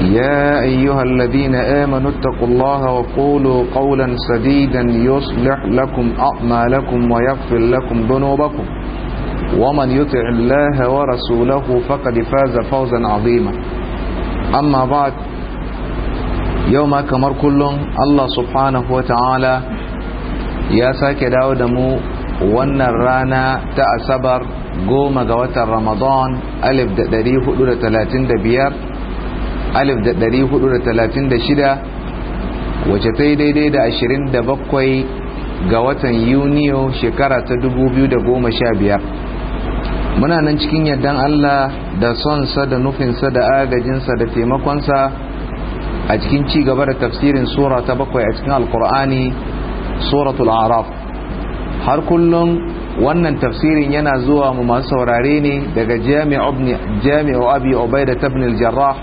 يا أيها الذين آمنوا اتقوا الله وقولوا قولا سديدا يصلح لكم أعمالكم ويغفر لكم ذنوبكم ومن يطع الله ورسوله فقد فاز فوزا عظيما أما بعد يوم كمر كلهم الله سبحانه وتعالى يا ساكي داود مو wannan rana قوم asabar goma ألف watan ramadan alif 1436 wace ta yi daidai da 27 ga watan yuniyo shekara ta 2015 muna nan cikin yardan Allah da sonsa da nufinsa da agajinsa da taimakonsa a cikin ci gaba da tafsirin sura ta bakwai a cikin alkur'ani suratul araf har kullum wannan tafsirin yana zuwa mu masu saurare ne daga jami'u abi obaida tabnil jarrah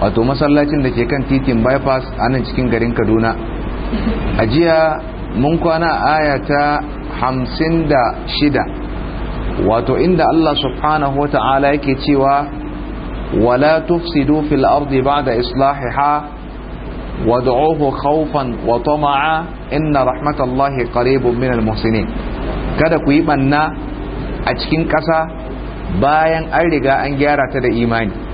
wato masallacin da ke kan titin bypass a nan cikin garin kaduna a jiya mun kwana aya ta hamsin da shida wato inda allah subhanahu wa ta'ala yake cewa wala tufsidu fil ardi ba'da islahiha wad'uhu khawfan wa tama'a inna rahmatallahi qaribun minal muhsinin kada ku yi banna a cikin ƙasa bayan an riga an gyara ta da imani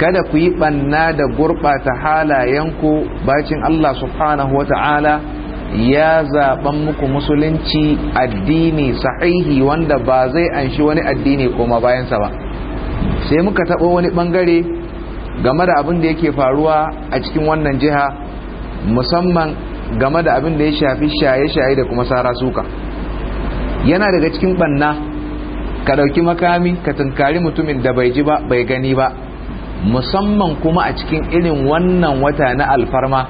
kada ku yi banna da gurɓata halayenku bacin Allah subhanahu wa ta'ala ya zaɓan muku musulunci addini sahihi wanda ba zai anshi wani addini koma bayansa ba sai muka taɓo wani ɓangare game da abin da yake faruwa a cikin wannan jiha musamman game da abin da ya shafi shaye-shaye da kuma sara suka yana daga cikin banna ka ɗauki makami ka tunkari mutumin da bai ji ba bai gani ba musamman kuma a cikin irin wannan wata na alfarma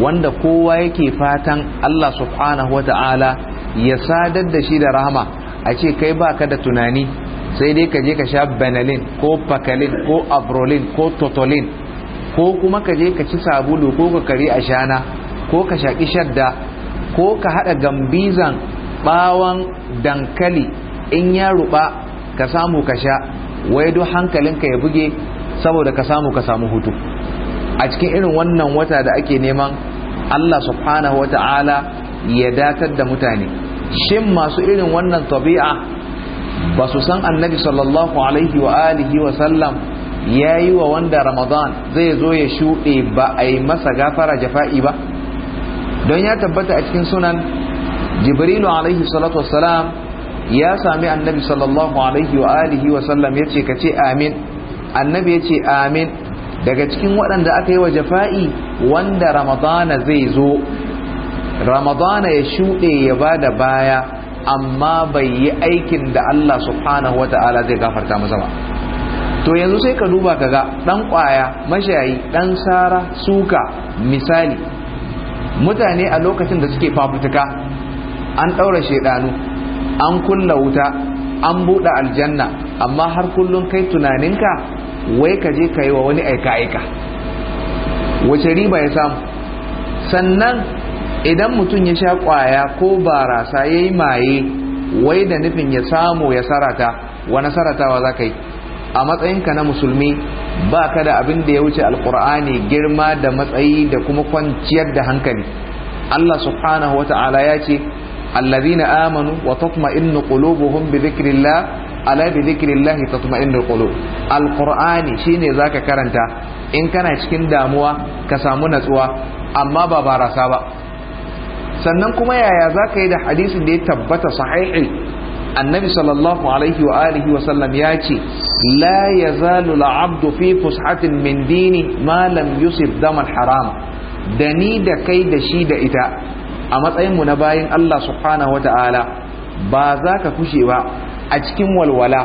wanda kowa yake fatan Allah subhanahu wata'ala ya sadar da shi da rahama a ce kai ba ka da tunani sai dai ka je ka sha benelin ko pakalin ko abrolin ko totolin ko kuma ka je ka ci sabulu ko ka kare a shana ko ka shaƙi shadda ko ka haɗa gambizan ɓawon dankali in ya ruɓa ka samu ka sha wai duk hankalinka ya buge saboda ka samu ka samu hutu a cikin irin wannan wata da ake neman Allah subhanahu wata'ala ya datar da mutane shin masu irin wannan tabi'a ba su san annabi sallallahu alaihi wa alihi wa sallam ya yi wa wanda ramadan zai zo ya shuɗe ba a yi masa gafara jafa'i ba don ya tabbata a cikin sunan jibrilu alaihi salatu wassalam ya sami annabi sallallahu alaihi wa alihi wa sallam ya ce ka ce amin annabi ya ce amin daga cikin waɗanda aka yi wa jafa'i wanda ramadana zai zo ramadana ya shuɗe ya ba da baya amma bai yi aikin da Allah subhanahu wa ta'ala zai gafarta masa ba to yanzu sai ka duba ka ga ɗan ƙwaya mashayi ɗan sara suka misali mutane a lokacin da suke fafutuka an ɗaura shaidanu an kulla wuta an buɗe aljanna amma har kullum kai tunaninka wai ka je ka yi wa wani aika-aika wace riba ya samu sannan idan mutum ya sha kwaya ko barasa ya yi maye wai da nufin ya samu ya sarata wa nasaratawa za ka yi a matsayinka na musulmi ba ka da abin da ya wuce alkur'ani girma da matsayi da kuma kwanciyar da hankali Allah subhanahu Wata'ala ya ce allazina amanu wa tatma'innu qulubuhum bi dhikrillah ala bi zikrillahi tatma'innul qulub alqur'ani shine zaka karanta in kana cikin damuwa ka samu natsuwa amma ba barasa ba sannan kuma yaya zaka yi da hadisin da ya tabbata sahihi annabi sallallahu alaihi wa alihi wa sallam ya ce la yazalu al'abdu fi fushatin min dini ma lam yusib daman haram da ni da kai da shi da ita a matsayinmu na bayan Allah subhanahu wa ta'ala ba za ka kushe ba a cikin walwala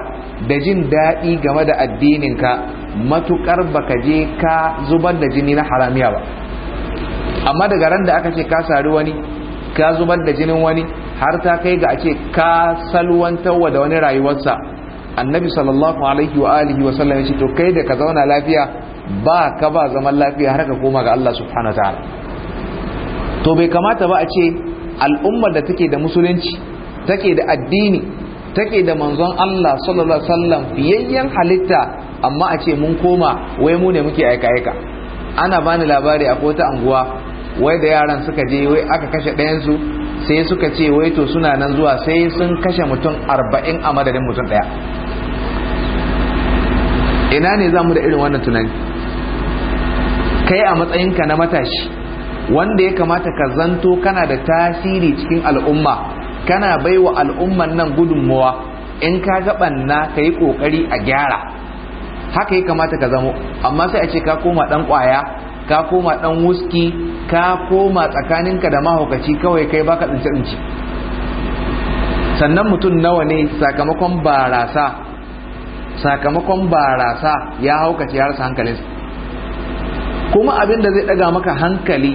da jin daɗi game da addininka matuƙar baka je ka zubar da jini na haramiya ba amma daga ran da aka ce ka sari wani ka zubar da jinin wani har ta kai ga ake ka salwantarwa da wani rayuwarsa annabi sallallahu alaihi wa alihi wa sallam yace to kai da ka zauna lafiya ba ka ba zaman lafiya har ka koma ga Allah subhanahu wa ta'ala to bai kamata ba a ce al'ummar da take da musulunci take da addini take da manzon Allah sallallahu alaihi wasallam fiyayyen halitta amma a ce mun koma wai mu ne muke aika aika ana bani labari a kota anguwa wai da yaran suka je wai aka kashe ɗayan su sai suka ce wai to suna nan zuwa sai sun kashe mutum arba'in a madadin mutum ɗaya ina ne za mu da irin wannan tunani kai a matsayinka na matashi wanda ya kamata ka zanto kana da tasiri cikin al'umma kana bai wa al'umman nan gudunmuwa in ka ga banna ka yi kokari a gyara haka ya kamata ka zamo amma sai a ce ka koma dan kwaya ka koma dan wuski ka koma tsakaninka da mahaukaci kawai kai baka tsince tsince sannan mutum nawa ne sakamakon barasa sakamakon barasa ya haukaci ya rasa hankalin. kuma abin da zai daga maka hankali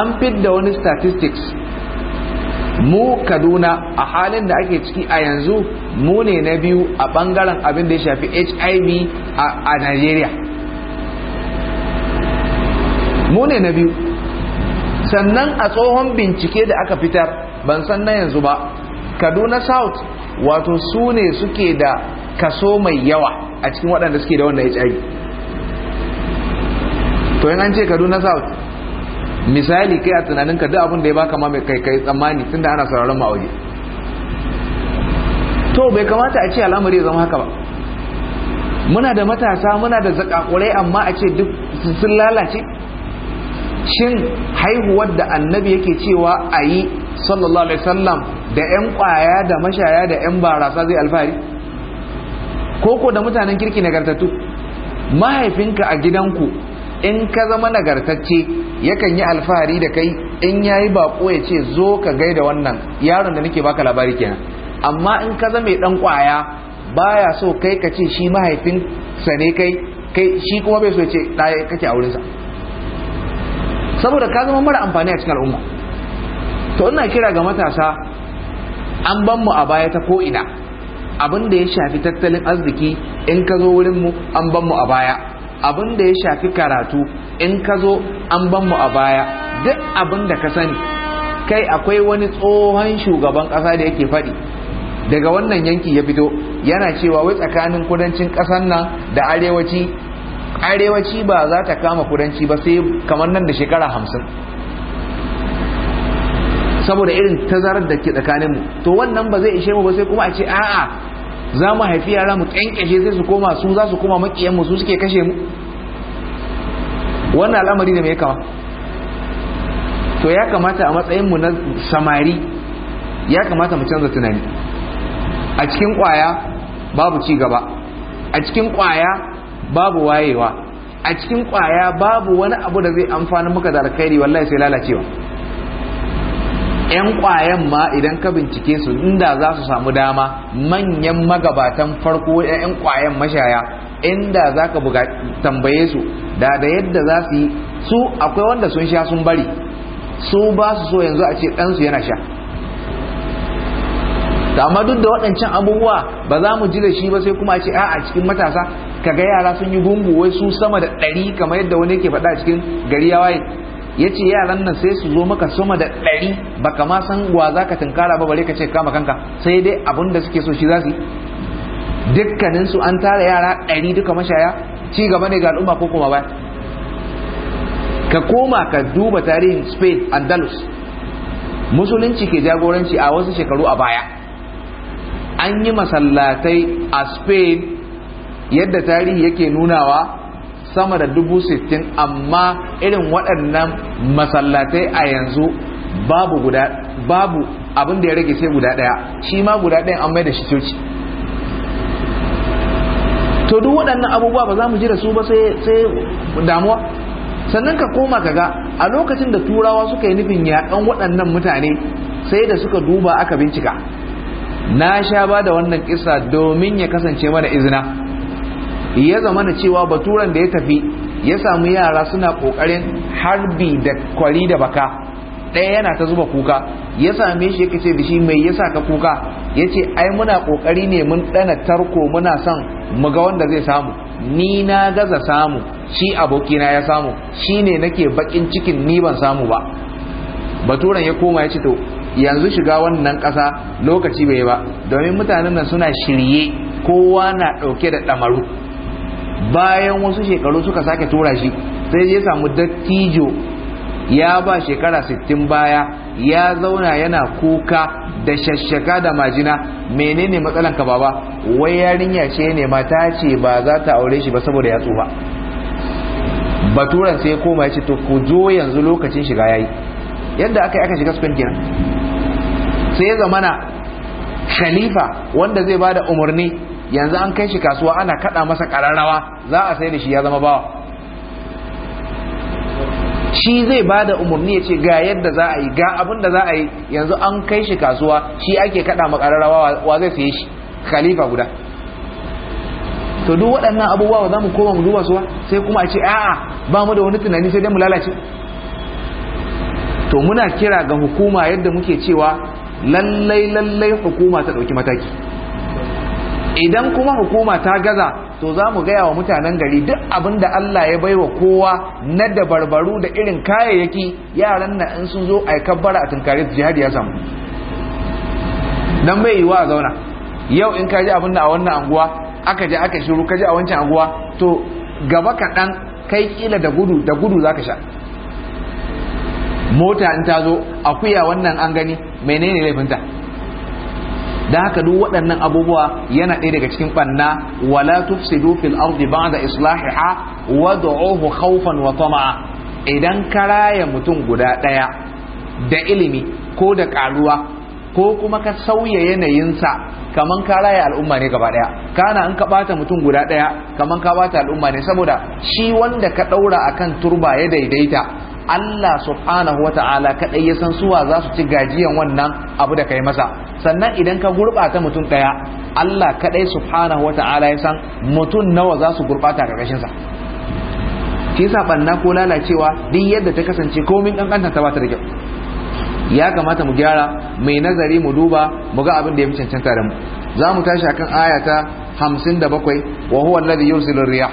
an fidda wani statistics mu kaduna a halin da ake ciki a yanzu mu ne na biyu a bangaren abin da ya shafi hiv a nigeria mu ne na biyu sannan a tsohon bincike da aka fitar ban san na yanzu ba kaduna south wato su ne suke da kaso mai yawa a cikin waɗanda suke da wannan hiv to yin an ce kaduna south misali kai a tunaninka duk abin da ya baka ma mai kai kai tsammani tunda ana sauraron ma to bai kamata a ce al'amari ya zama haka ba muna da matasa muna da zakakurai amma a ce duk sun lalace shin haihuwar da annabi yake cewa a yi sallallahu alaihi sallam da 'yan kwaya da mashaya da 'yan barasa zai alfahari koko da mutanen kirki nagartattu mahaifinka a gidanku in ka zama nagartacce yakan yi alfahari da kai in ya yi bako ya ce zo ka gai da wannan yaron da nake baka labari kenan amma in ka zama dan kwaya baya so kai ka ce shi mahaifin sa ne kai kai shi kuma bai so ya ce ɗaya kake a wurinsa. saboda ka zama mara amfani a cikin al'umma to ina kira ga matasa an ban mu a baya ta ko ina abin da ya shafi tattalin arziki in ka zo wurin mu an ban mu a baya abin da ya shafi karatu in ka zo an ban mu a baya duk abin da ka sani kai akwai wani tsohon shugaban ƙasa da yake faɗi daga wannan yanki ya fito yana cewa wai tsakanin kudancin ƙasar nan da arewaci arewaci ba za ta kama kudanci ba sai kamar nan da shekara hamsin saboda irin tazarar da ke tsakaninmu to wannan ba zai ishe mu ba sai kuma a ce a'a za mu haifi yara mu kyankyashe sai su koma su za su koma makiyanmu su suke kashe mu wannan al'amari ne mai kama to ya kamata a matsayinmu na samari ya kamata mu canza tunani a cikin kwaya babu ci a cikin kwaya babu wayewa a cikin kwaya babu wani abu da zai amfani muka da alkhairi wallahi sai lalacewa yan kwayan ma idan ka bincike su inda za su samu dama manyan magabatan farko yan kwayan mashaya inda za ka tambaye su da da yadda za su yi su akwai wanda sun sha sun bari su ba su so yanzu a ce ɗansu yana sha to amma duk da waɗancan abubuwa ba za mu ji da shi ba sai kuma a ce a'a cikin matasa ka ga yara sun yi gungu wai su sama da ɗari kamar yadda wani yake faɗa cikin gari ya waye ya ce yaran nan sai su zo maka sama da ɗari ba kama san wa za ka tunkara ba bare ka ce kama kanka sai dai abin da suke so shi za su yi dukkaninsu an tara yara ɗari duka mashaya ci gaba ne ga al'umma ko kuma ba ka koma ka duba tarihin spain andalus musulunci ke jagoranci a wasu shekaru a baya an yi masallatai a spain yadda tarihi yake nunawa sama da dubu sittin amma irin waɗannan masallatai a yanzu babu abin da ya rage sai guda ɗaya shi ma guda ɗaya an mai da shi coci to duk waɗannan abubuwa ba za mu ji da su ba sai damuwa sannan ka koma ka ga a lokacin da turawa suka yi nufin yaƙan waɗannan mutane sai da suka duba aka bincika na sha ba da wannan kisa domin ya kasance mana izina ya zama na cewa baturan da ya tafi ya samu yara suna ƙoƙarin harbi da kwari da baka ɗaya yana ta zuba kuka ya same shi yake ce da shi mai yasa ka kuka ya ce ai muna kokari ne mun ɗana tarko muna son mu ga wanda zai samu ni na gaza samu shi abokina ya samu shi ne nake baƙin cikin ni ban samu ba baturan ya koma ya ce to yanzu shiga wannan ƙasa lokaci bai ba domin mutanen nan suna shirye kowa na ɗauke da ɗamaru bayan wasu shekaru suka sake tura shi sai ya samu dattijo ya ba shekara 60 baya ya zauna yana kuka da shashaka da majina menene matsalan ka baba wai yarinya ce ne mata ce ba za ta aure shi ba saboda ya tsufa baturan sai koma ya ce to ku zo yanzu lokacin shiga yayi yadda aka yi aka shiga spain kenan sai ya zamana khalifa wanda zai bada umarni yanzu an kai shi kasuwa ana kada masa kararrawa za a sai da shi ya zama bawa shi zai ba da umarni ya ce ga yadda za a yi ga abin da za a yi yanzu an kai shi kasuwa shi ake kada makararrawa wa zai saye shi khalifa guda to duk waɗannan abubuwa za mu koma mu duba suwa sai kuma a ce a'a ba mu da wani tunani sai dai mu lalace to muna kira ga hukuma yadda muke cewa lallai lallai hukuma ta ɗauki mataki idan kuma hukuma ta gaza to za mu gaya wa mutanen gari duk abin da Allah ya baiwa kowa na dabarbaru da irin kayayyaki yaran na in sun zo a yi kabbara a tunkari jihadi ya samu don bai yiwu a zauna yau in kaji abin da a wannan anguwa aka je aka shiru kaji a wancan anguwa to gaba kaɗan kai kila da gudu da gudu za ka sha mota in ta zo akuya wannan an gani menene laifinta da haka duk waɗannan abubuwa yana ɗaya daga cikin banna wala tufsidu fil ardi ba'da islahiha du'uhu khawfan wa tama'a idan ka raya mutum guda ɗaya da ilimi ko da ƙaruwa ko kuma ka sauya yanayinsa kaman ka raya al'umma ne gaba daya kana an ka bata mutum guda ɗaya kaman ka bata al'umma ne saboda shi wanda ka daura akan turba ya daidaita Allah subhanahu wa ta'ala kaɗai ya san suwa za su ci gajiyan wannan abu da kai masa sannan idan ka gurbata mutum daya Allah kadai subhanahu wa ta'ala ya san mutum nawa za su gurɓata sa shi yasa ɓanna ko lalacewa duk yadda ta kasance komin ƙanƙanta ta bata da kyau ya kamata mu gyara mai nazari mu duba mu ga abin da ya fi cancanta da mu za mu tashi akan ayata hamsin da bakwai wa huwa alladhi yursilu riyah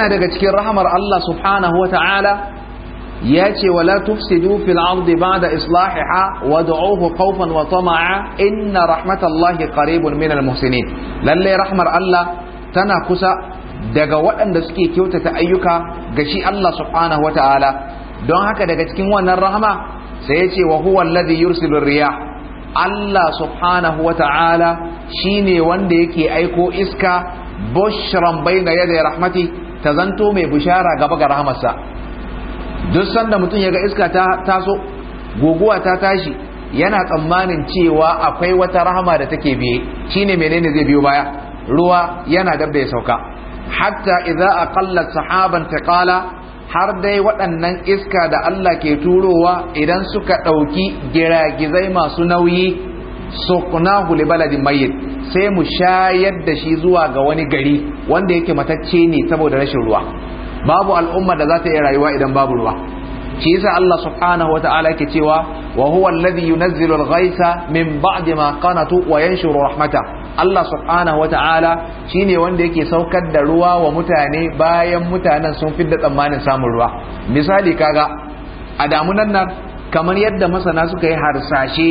yana daga cikin rahamar Allah subhanahu wa ta'ala ya ce wa la tufsidu fil ardi ba'da islahiha wa du'uhu khawfan wa tama'a inna rahmatallahi qaribun min al muhsinin lalle rahmar Allah tana kusa daga waɗanda suke kyautata ayyuka ga shi Allah subhanahu wa ta'ala don haka daga cikin wannan rahama sai ya ce wa huwa alladhi yursilu riyah Allah subhanahu wa ta'ala shi ne wanda yake aiko iska bushran bayna yadda rahmati ta zanto mai bishara gaba ga rahamarsa duk sanda mutum yaga ga iska ta taso guguwa ta tashi yana tsammanin cewa akwai wata rahama da take biye shine menene zai biyo baya ruwa yana da ya sauka hatta idza aqallat sahaban taqala har dai waɗannan iska da Allah ke turowa idan suka ɗauki giragizai masu nauyi suqnahu li baladin mayyit sai mu shayar da shi zuwa ga wani gari wanda yake matacce ne saboda rashin ruwa babu al'umma da za ta iya rayuwa idan babu ruwa shi yasa Allah subhanahu wata'ala yake cewa wa huwa alladhi yunzilu al-ghaytha min ba'di ma qanatu wa yanshuru rahmata Allah subhanahu wata'ala shine wanda yake saukar da ruwa wa mutane bayan mutanen sun fidda tsammanin samun ruwa misali kaga a damunan nan kamar yadda masana suka yi harsashe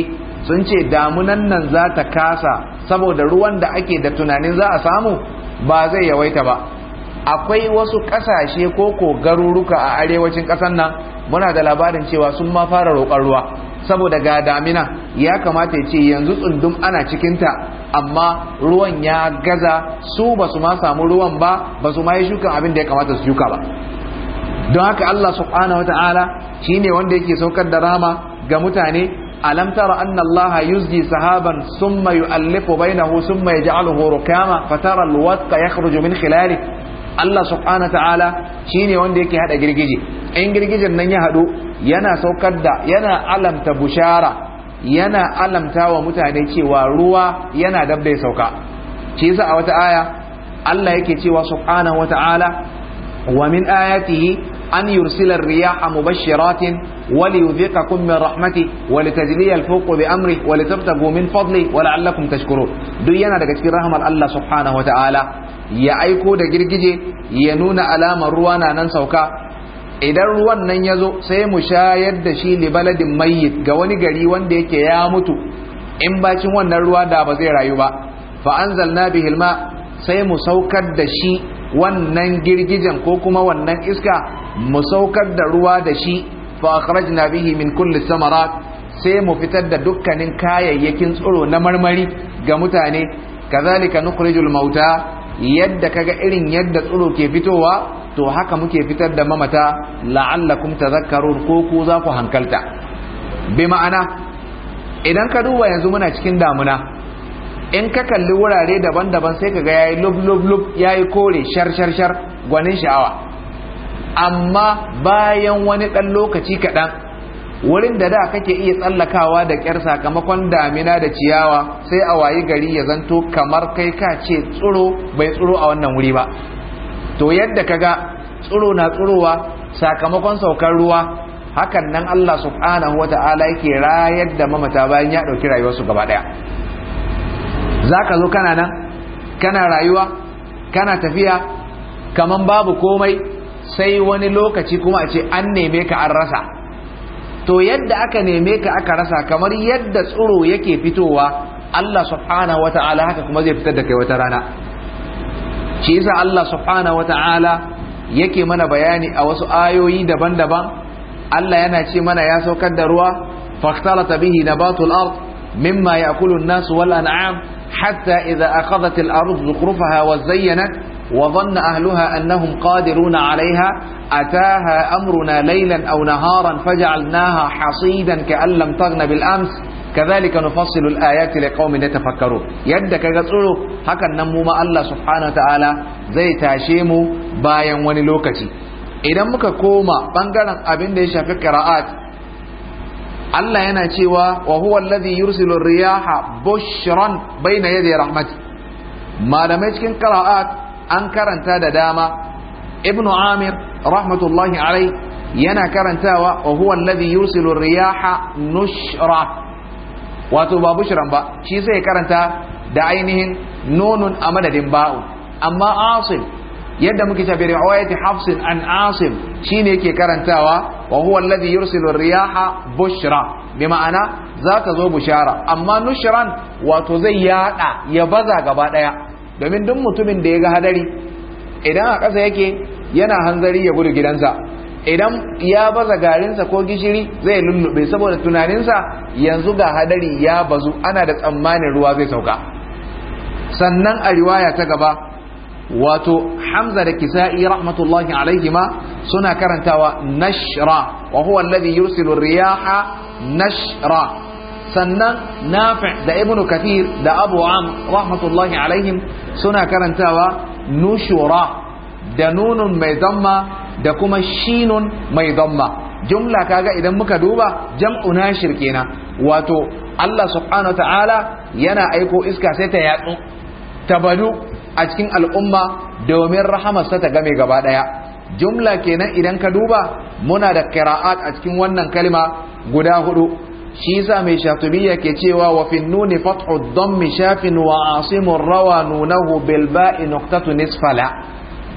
sun ce damunan nan za ta kasa saboda ruwan da ake da tunanin za a samu ba zai yawaita ba akwai wasu kasashe ko ko garuruka a arewacin ƙasar nan muna da labarin cewa sun ma fara roƙon ruwa saboda ga damina ya kamata ya ce yanzu tsundum ana cikinta amma ruwan ya gaza su ba su ma samu ruwan ba ba su ma yi shukan abin da ya kamata su shuka ba don haka Allah subhanahu wa ta'ala shine wanda yake saukar da rama ga mutane alam tara anna allaha yuzji sahaban thumma yu'allifu bainahu thumma yaj'aluhu rukama fatara alwadqa yakhruju min khilali Allah subhanahu wa ta'ala shine wanda yake hada girgije in girgijen nan ya hadu yana saukar da yana alamta bushara yana alamta wa mutane cewa ruwa yana dab sauka shi yasa a wata aya Allah yake cewa subhanahu wa ta'ala wa min ayatihi an yursila riyaha mubashiratin wa liyudhiqakum min rahmati wa litajliya al-fawqa amri wa litabtagu min fadli wa la'allakum tashkurun duk yana daga cikin rahmar Allah subhanahu ya aiko da girgije ya nuna alamar ruwa na nan sauka idan ruwan nan ya zo sai mu shayar da shi libaladin mayyit ga wani gari wanda yake ya mutu in bacin wannan ruwa da ba zai rayu ba fa anzalna bihil ma sai mu saukar da shi wannan girgijen ko kuma wannan iska mu saukar da ruwa da shi fa akhrajna bihi min kulli samarat sai mu fitar da dukkanin kayayyakin tsiro na marmari ga mutane kazalika nukhrijul mauta yadda kaga irin yadda tsiro ke fitowa to haka muke fitar da mamata la'allakum tadhakkarun ko ku za ku hankalta bi ma'ana idan ka duba yanzu muna cikin damuna in ka kalli wurare daban-daban sai ka ga yayi lub lub lub yayi kore shar shar shar gwanin sha'awa amma bayan wani dan lokaci kaɗan wurin da da kake iya tsallakawa da ƙyar sakamakon damina da ciyawa sai a wayi gari ya zanto kamar kai ka ce tsuro bai tsuro a wannan wuri ba to yadda kaga tsuro na tsurowa sakamakon saukar ruwa hakan nan Allah subhanahu wa ta'ala yake rayar da mamata bayan ya ɗauki rayuwarsu gaba ɗaya za ka zo kana nan kana rayuwa kana tafiya kaman babu komai sai wani lokaci kuma a ce an neme ka an rasa to yadda aka neme ka aka rasa kamar yadda tsiro yake fitowa Allah subhanahu wata'ala haka kuma zai fitar da kai wata rana shi yasa Allah subhanahu wata'ala yake mana bayani a wasu ayoyi daban-daban Allah yana ce mana ya saukar da ruwa fahtalata bihi batul ard mimma ya'kulu an nasu wal an'am حتى إذا أخذت الأرض زخرفها وزينت وظن أهلها أنهم قادرون عليها أتاها أمرنا ليلا أو نهارا فجعلناها حصيدا كأن لم تغن بالأمس كذلك نفصل الآيات لقوم يتفكرون يدك قصره هكا نمو ما الله سبحانه وتعالى زي تاشيمو باين ونلوكتي إذا مكا كوما koma أبن ديشا في قراءات Allah yana cewa wa huwa alladhi yursilu riyaha bushran bayna yaday rahmati malamai cikin qira'at an karanta da dama ibn amir rahmatullahi alai yana karantawa wa huwa alladhi yursilu riyaha nushra wato ba bushran ba shi sai karanta da ainihin nunun a madadin ba'u amma asil yadda muke cewa bi riwayati hafsin an asim shine yake karantawa wa huwa alladhi yursilu riyaha bushra bi ma'ana zaka zo bushara amma nushran wato zai yada ya baza gaba daya domin duk mutumin da ya ga hadari idan a ƙasa yake yana hanzari ya gudu gidansa idan ya baza garinsa ko gishiri zai lullube saboda tunaninsa yanzu ga hadari ya bazu ana da tsammanin ruwa zai sauka sannan a riwaya ta gaba wato hamza da kisa'i rahmatullahi alaihima suna karantawa nashra wa huwa alladhi yursilu riyaha nashra sannan nafi' da ibnu kathir da abu am rahmatullahi alaihim suna karantawa nushura da nunun mai damma da kuma shinun mai damma jumla kaga idan muka duba jam'u nashir kenan wato Allah subhanahu ta'ala yana aiko iska sai ta yatsu ta badu a cikin al'umma domin rahamarsa ta game gaba ɗaya. jumla kenan idan ka duba muna da kiraat a cikin wannan kalma guda hudu shi yasa mai shatubiya ke cewa wa fi nuni fathu dhammi shafin wa asimur rawa nunahu bil ba'i nuqtatu nisfala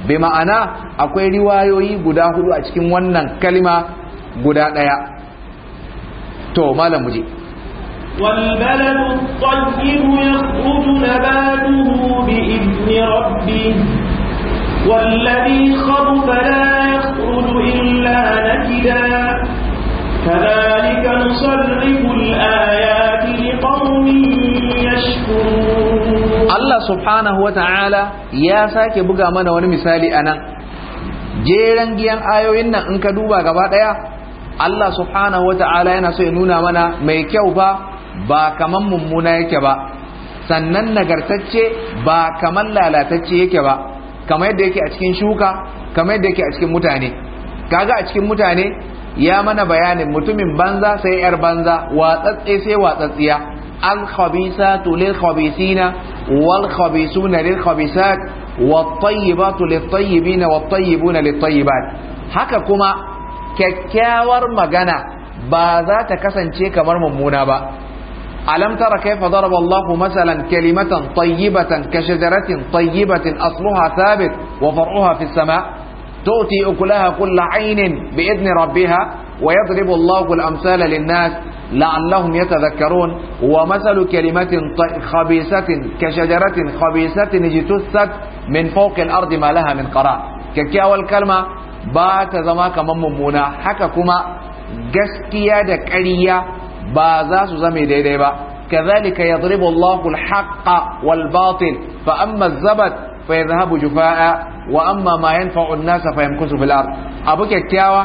bi ma'ana akwai riwayoyi guda hudu a cikin wannan kalma guda ɗaya. to malam muje والبلد الطيب يخرج نباته بإذن ربه والذي خبث لا يخرج إلا نكدا كذلك نصرف الآيات لقوم يشكرون الله سبحانه وتعالى يا ساكي بقى من ونمثالي أنا jeren giyan ayoyin nan in ka duba gaba daya Allah subhanahu wata'ala yana so ya nuna mana mai kyau fa ba kaman mummuna yake ba sannan nagartacce ba kaman lalatacce yake ba kamar yadda yake a cikin shuka kamar yadda yake a cikin mutane kaga a cikin mutane ya mana bayanin mutumin banza sai yar banza watsatse sai watsatsiya al khabisatu lil khabisina wal khabisuna lil khabisat wat tayyibatu lit tayyibina wat tayyibuna lit tayyibat haka kuma kyakkyawar magana ba za ta kasance kamar mummuna ba ألم تر كيف ضرب الله مثلا كلمة طيبة كشجرة طيبة أصلها ثابت وفرعها في السماء تؤتي أكلها كل عين بإذن ربها ويضرب الله الأمثال للناس لعلهم يتذكرون ومثل كلمة خبيثة كشجرة خبيثة اجتثت من فوق الأرض ما لها من قرار ككي أول كلمة بات زماك من ممونا حكا كما gaskiya ba za su zame daidai ba kazalika yadribu Allahu al-haqqa wal batil fa amma az-zabat fa yadhhabu jufaa'a wa amma ma yanfa'u an-nasa fa yamkusu fil ard abu kyakkyawa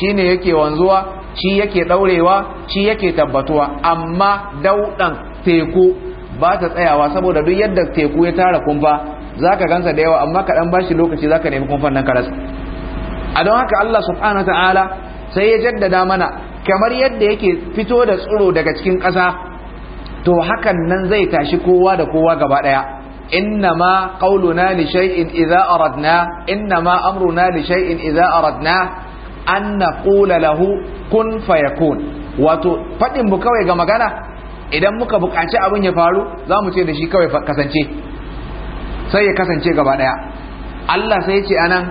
yake wanzuwa shi yake ɗaurewa. shi yake tabbatuwa amma daudan teku ba ta tsayawa saboda duk yadda teku ya tara kumfa zaka gansa da yawa amma kaɗan dan bashi lokaci zaka nemi kumfan nan karas a don haka Allah subhanahu sai ya jaddada mana kamar yadda yake fito da tsiro daga cikin ƙasa to hakan nan zai tashi kowa da kowa gaba ɗaya innama qauluna li shay'in idza aradna innama amruna li shay'in idza aradna an ƙula lahu kun fayakun wato faɗin mu kawai ga magana idan muka buƙaci abin ya faru za mu ce da shi kawai kasance sai ya kasance gaba ɗaya Allah sai ya ce anan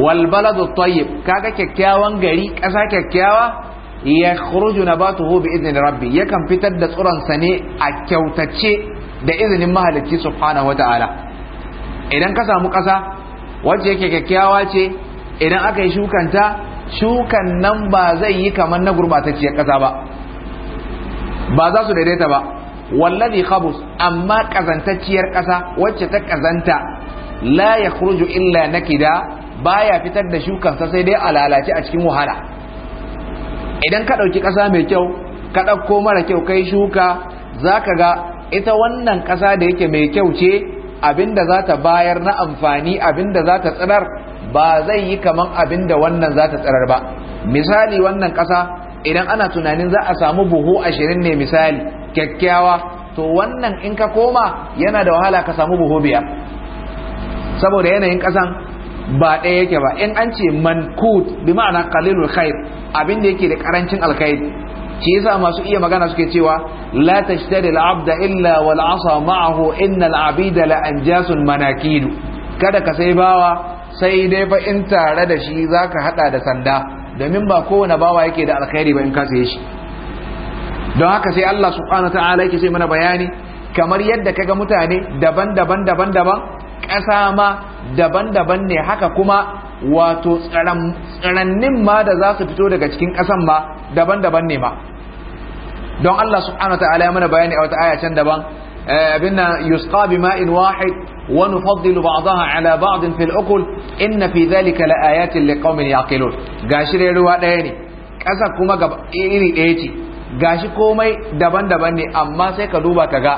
wal baladu tayyib kaga kyakkyawan gari ƙasa kyakkyawa ya khuruju nabatuhu bi izini rabbi yakan fitar da tsuronsa ne a kyautace da izinin mahalicci subhanahu ta'ala. idan ka samu ƙasa wacce yake kyakkyawa ce idan aka yi shukanta shukan nan ba zai yi kamar na gurbatacciyar ƙasa ba ba za su daidaita ba wallazi khabus amma kazantacciyar ƙasa wacce ta kazanta la yakhruju illa nakida baya fitar da shukansa sai dai a lalace a cikin wahala idan ka ɗauki ƙasa mai kyau ka ɗauko mara kyau kai shuka za ka ga ita wannan ƙasa da yake mai kyau ce abin da za ta bayar na amfani abin da za ta tsirar ba zai yi kaman da wannan za ta tsirar ba misali wannan ƙasa idan ana tunanin za a samu buhu ashirin ne misali kyakkyawa to wannan in ka koma yana da wahala ka samu buhu biyar saboda yanayin ƙasan ba ɗaya yake ba in an ce mankut bi ma'ana qalilul khair abin da yake da karancin alkhair ce yasa masu iya magana suke cewa la tashtari al-abda illa wal asa ma'ahu innal abida la anjasun manakidu kada ka sai bawa sai dai fa in tare da shi zaka hada da sanda domin ba kowane bawa yake da alkhairi ba in ka sai shi don haka sai Allah subhanahu wa ta'ala yake sai mana bayani kamar yadda kaga mutane daban-daban daban-daban ƙasa ma daban-daban ne haka kuma wato tsirannin ma da za su fito daga cikin ƙasan ma daban-daban ne ma don Allah subhanahu wa ta'ala ya mana bayani a wata aya can daban eh, abin na yusqa ma'in wahid wa nufaddilu ba'daha ala ba'din fil ukul inna fi dhalika laayatin liqaumin yaqilun gashi dai ruwa ɗaya ne ƙasa kuma iri ɗaya ce gashi komai daban-daban ne amma sai ka duba ka ga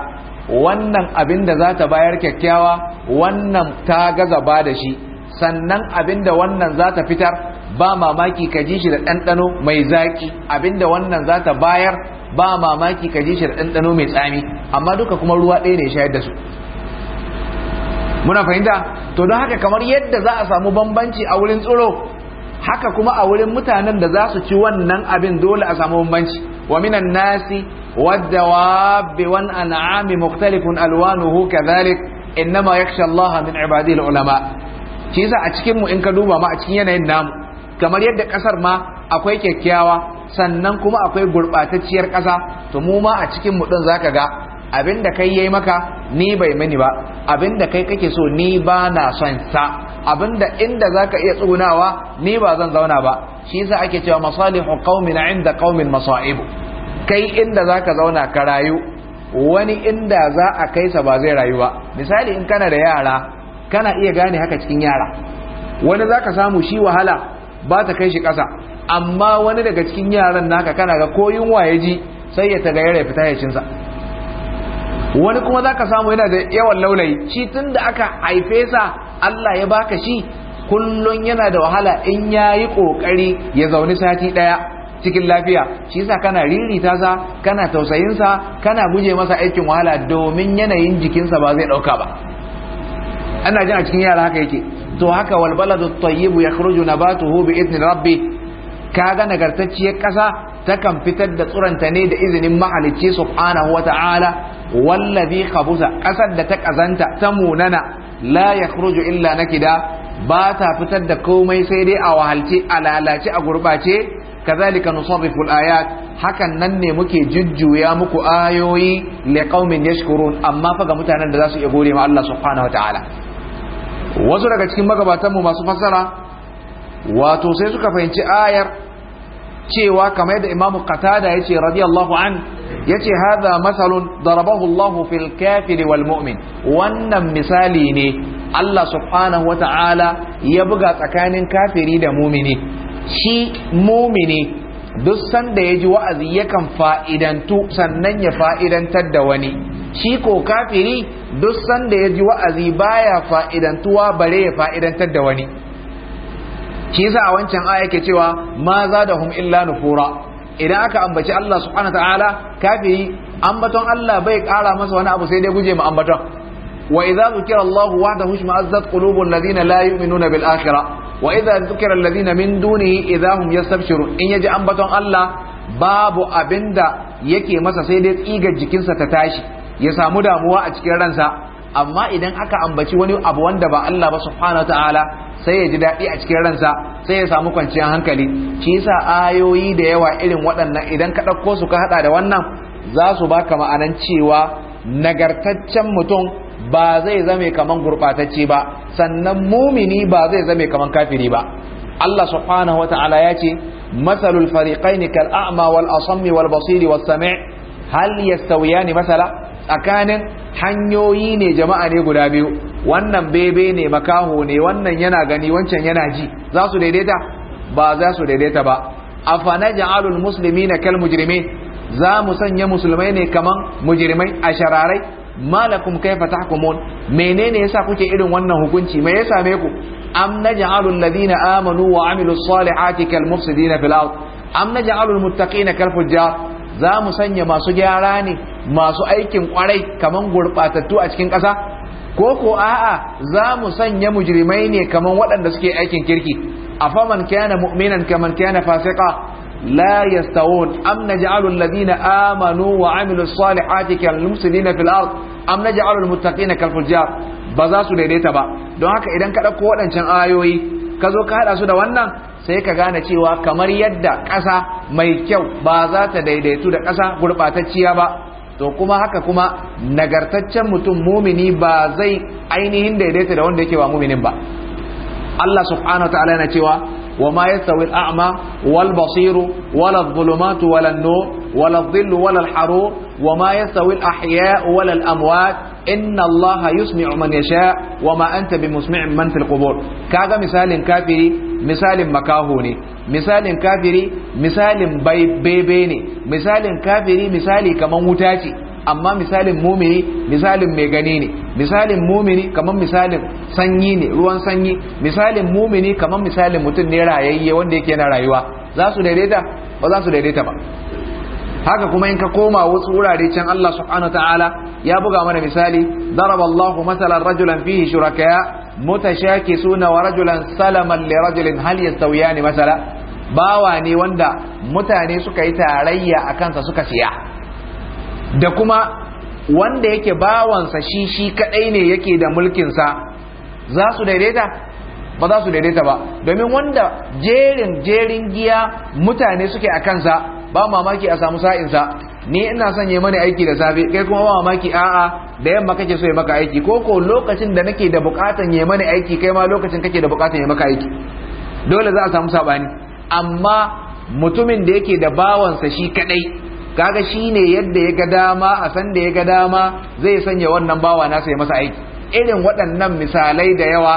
wannan abin da za ta bayar kyakkyawa wannan ta gaza ba da shi sannan abin da wannan za ta fitar ba mamaki ka ji shi da ɗanɗano mai zaki, abin da wannan za ta bayar ba mamaki ka ji shi da ɗanɗano mai tsami amma duka kuma ruwa ɗaya ne shayar da su muna fahimta to don haka kamar yadda za a samu bambanci a wurin tsoro haka kuma a wurin mutanen da za su ci wannan abin dole a samu bambanci wa minan nasi والدواب والأنعام مختلف ألوانه كذلك إنما يخشى الله من عباده العلماء كيزا أتكم إن كدوبا ما yanayin namu. كما يد كسر ما akwai كيكياوا sannan kuma akwai gurɓatacciyar ƙasa to mu ma a cikin mu ɗin zaka ga abin da kai yayi maka ni bai mani ba abin da kai kake so ni ba na son sa abin da inda zaka iya tsugunawa ni ba zan zauna ba shi yasa ake cewa masalihu qaumin inda qaumin masaibu kai inda za ka zauna ka rayu wani inda za a kai sa ba zai rayu ba misali in kana da yara kana iya gane haka cikin yara wani za ka samu shi wahala ba ta kai shi ƙasa amma wani daga cikin yaran naka kana ga koyin waye ji sai ya tagayyara ya fita cinsa wani kuma za ka samu yana da yawan laulayi shi tun da aka haife sa Allah ya baka shi kullum yana da wahala in ya yi ƙoƙari ya zauni sati ɗaya cikin lafiya shi yasa kana ririta sa kana tausayin sa kana guje masa aikin wahala domin yanayin jikinsa ba zai dauka ba ana jin a cikin yara haka yake to haka wal baladu at na yakhruju nabatuhu bi idni rabbi kaga nagartacciyar kasa kan fitar da tsuranta ne da izinin mahalicci subhanahu wata'ala wallazi khabusa kasar da ta kazanta ta munana la yakhruju illa nakida ba ta fitar da komai sai dai a wahalce a lalace a gurbace kazalika nusarrifu al-ayat hakan nan ne muke jujjuya muku ayoyi liqaumin yashkurun amma fa mutanen da za su iya gode ma Allah wasu daga cikin magabatanmu masu fassara wato sai suka fahimci ayar cewa kamar da imamu qatada yace radiyallahu an yace hadha masalun darabahu Allah fil kafir wal wannan misali ne Allah subhanahu ya buga tsakanin kafiri da mumini shi mumini duk sanda ya ji wa'azi yakan fa'idantu sannan ya fa'idantar da wani shi ko kafiri duk sanda ya ji wa'azi baya fa'idantuwa bare ya fa'idantar da wani shi yasa a wancan aya ke cewa ma za da hum illa nufura idan aka ambaci Allah subhanahu ta'ala kafiri ambaton Allah bai kara masa wani abu sai dai guje mu ambaton wa idza zukira Allah wahdahu shma'azzat qulubul ladina la yu'minuna bil akhirah wa idza dhukira alladhina min duni idza hum yastabshirun in yaji ambaton Allah babu abinda yake masa sai dai tsiga jikinsa ta tashi ya samu damuwa a cikin ransa amma idan aka ambaci wani abu wanda ba Allah ba subhanahu ta'ala sai ya ji daɗi a cikin ransa sai ya samu kwanciyar hankali shi yasa ayoyi da yawa irin waɗannan idan ka ɗauko su ka haɗa da wannan za su baka ma'anan cewa nagartaccen mutum ba zai zame kaman gurɓatacce ba sannan mumini ba zai zame kaman kafiri ba Allah subhanahu Ta'ala ya ce masalul fariqaini kal a'ma wal asammi wal basiri was sami' hal yastawiyani masala tsakanin hanyoyi ne jama'a ne guda biyu wannan bebe ne makaho ne wannan yana gani wancan yana ji za su daidaita ba za su daidaita ba afana ja'alul muslimina kal mujrimin za mu sanya musulmai ne kaman mujrimai a shararai malakum kaifa tahkumun menene yasa kuke irin wannan hukunci me ya same ku am naj'alu alladhina amanu wa amilus salihati kal mufsidina fil ard am naj'alu almuttaqina kal fujjar za mu sanya masu gyara ne masu aikin kwarai kaman gurbatattu a cikin ƙasa ko ko a'a za mu sanya mujrimai ne kaman waɗanda suke aikin kirki afaman kana mu'minan kaman kana fasiqa لا يستوون أم نجعل الذين آمنوا وعملوا الصالحات كالمفسدين في الأرض أم نجعل المتقين كالفجار بزاسو daidaita ba don haka idan ka ɗauko waɗancan ayoyi ka zo ka haɗa su da wannan sai ka gane cewa kamar yadda ƙasa mai kyau ba za ta daidaitu da ƙasa gurɓatacciya ba to kuma haka kuma nagartaccen mutum mumini ba zai ainihin daidaita da wanda yake ba muminin ba Allah subhanahu wa yana cewa وما يستوي الأعمى والبصير ولا الظلمات ولا النور ولا الظل ولا الحرور وما يستوي الأحياء ولا الأموات إن الله يسمع من يشاء وما أنت بمسمع من في القبور كذا مثال كافري مثال مكاهوني مثال كافري مثال بيبيني مثال كافري مثالي كما متاتي amma misalin mumini misalin mai gani ne misalin mumini kamar misalin sanyi ne ruwan sanyi misalin mumini kamar misalin mutum ne rayayye wanda yake na rayuwa za su daidaita ba za su daidaita ba haka kuma in ka koma wasu wurare can Allah subhanahu ta'ala ya buga mana misali daraba Allah masalan rajulan fihi shurakaya suna wa rajulan salaman li rajulin hal yastawiyani masala bawa ne wanda mutane suka yi tarayya a kansa suka siya da kuma wanda yake bawansa shi shi kadai ne yake da mulkinsa za su daidaita ba za su daidaita ba domin wanda jerin jerin giya mutane suke a kansa ba mamaki a samu sa'insa ni ina son yi mani aiki da safe kai kuma ba mamaki a'a da yamma kake so ya maka aiki ko ko lokacin da nake da bukatan yi mani aiki kai ma lokacin kake da bukatan yi maka aiki dole za a samu sabani amma mutumin da yake da bawansa shi kadai kaga shine yadda ya ga dama a san da ya ga dama zai sanya wannan bawa nasa ya masa aiki irin waɗannan misalai da yawa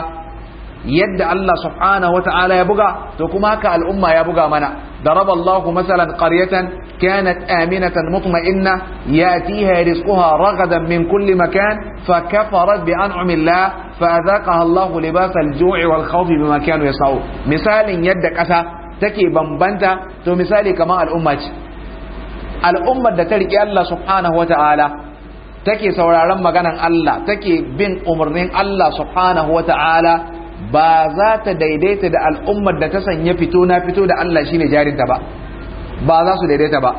yadda Allah subhanahu wata'ala ya buga to kuma haka al'umma ya buga mana daraba Allahu masalan qaryatan kanat aminatan mutma'inna yatiha rizquha ragadan min kulli makan fakafarat bi an'amillah fadhaqaha Allahu libasa al-ju'i wal khawfi bima kanu yasau misalin yadda ƙasa take bambanta to misali kamar al'umma ce al'ummar da ta riƙe Allah subhanahu wata'ala take sauraron maganan Allah take bin umarnin Allah subhanahu wata'ala ba za ta daidaita da al'ummar da ta sanya fito na fito da Allah shine jarinta ba ba za su daidaita ba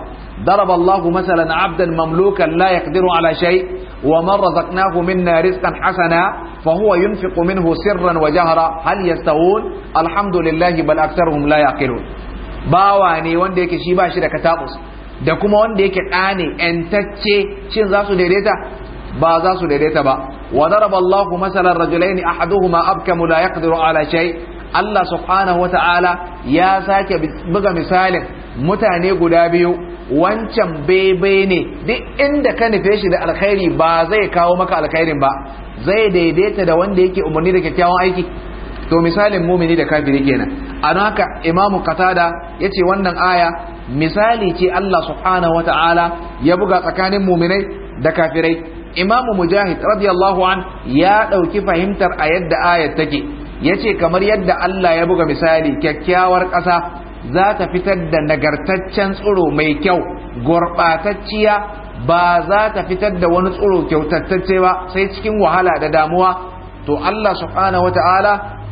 ضرب الله مثلا عبدا مملوكا لا يقدر على شيء ومن رزقناه منا رزقا حسنا فهو ينفق منه سرا وجهرا هل يستوون الحمد لله بل اكثرهم لا يعقلون باواني وندي كشي باشي da katabus da kuma wanda yake ɗane ‘yantacce cin za su daidaita ba za su daidaita ba wa daraba Allah masalan rajulaini ahaduhuma abkamu la yaqdiru ala shay Allah subhanahu wa ta'ala ya sake buga misalin mutane guda biyu wancan bebe ne duk inda ka nufe shi da alkhairi ba zai kawo maka alkhairin ba zai daidaita da wanda yake umarni da kyakkyawan aiki to misalin mumini da kafiri kenan a haka imamu qatada yace wannan aya misali ce Allah subhanahu ya buga tsakanin muminai da kafirai imamu mujahid radiyallahu an ya ɗauki fahimtar a yadda ayat take ya ce kamar yadda Allah ya buga misali kyakkyawar ƙasa za ta fitar da nagartaccen tsiro mai kyau gurɓatacciya ba za ta fitar da wani tsoro kyautatacce ba sai cikin wahala da damuwa to Allah subhanahu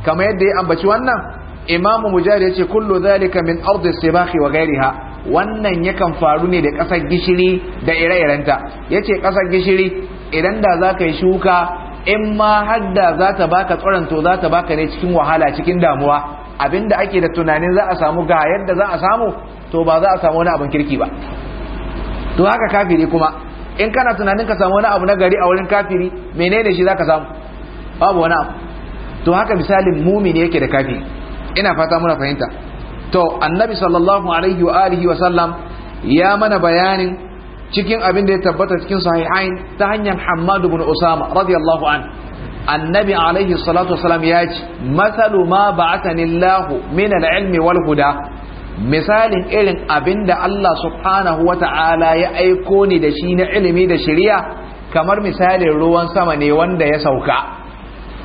kamar yadda ya ambaci wannan imamu mujahid yace kullu zalika min ardi sibahi wa ghairiha wannan yakan faru ne da ƙasar gishiri da ire-irenta yace ƙasar gishiri idan da zaka yi shuka in ma da za ta baka tsoron to za ta baka ne cikin wahala cikin damuwa abinda ake da tunanin za a samu ga yadda za a samu to ba za a samu wani abin kirki ba to haka kafiri kuma in kana tunanin ka samu wani abu na gari a wurin kafiri menene shi zaka samu babu wani abu to haka misalin mumini yake da kafiri ina fata muna fahimta to annabi sallallahu alaihi wa alihi wa sallam ya mana bayanin cikin abin da ya tabbata cikin sahihain ta hanyar hammadu ibn Usama radiyallahu an annabi alaihi salatu wasalam ya ce masalu ma ba'athani Allah min al-ilmi wal huda misalin irin abin da Allah subhanahu wa ta'ala ya aiko ni da shi na ilimi da shari'a kamar misalin ruwan sama ne wanda ya sauka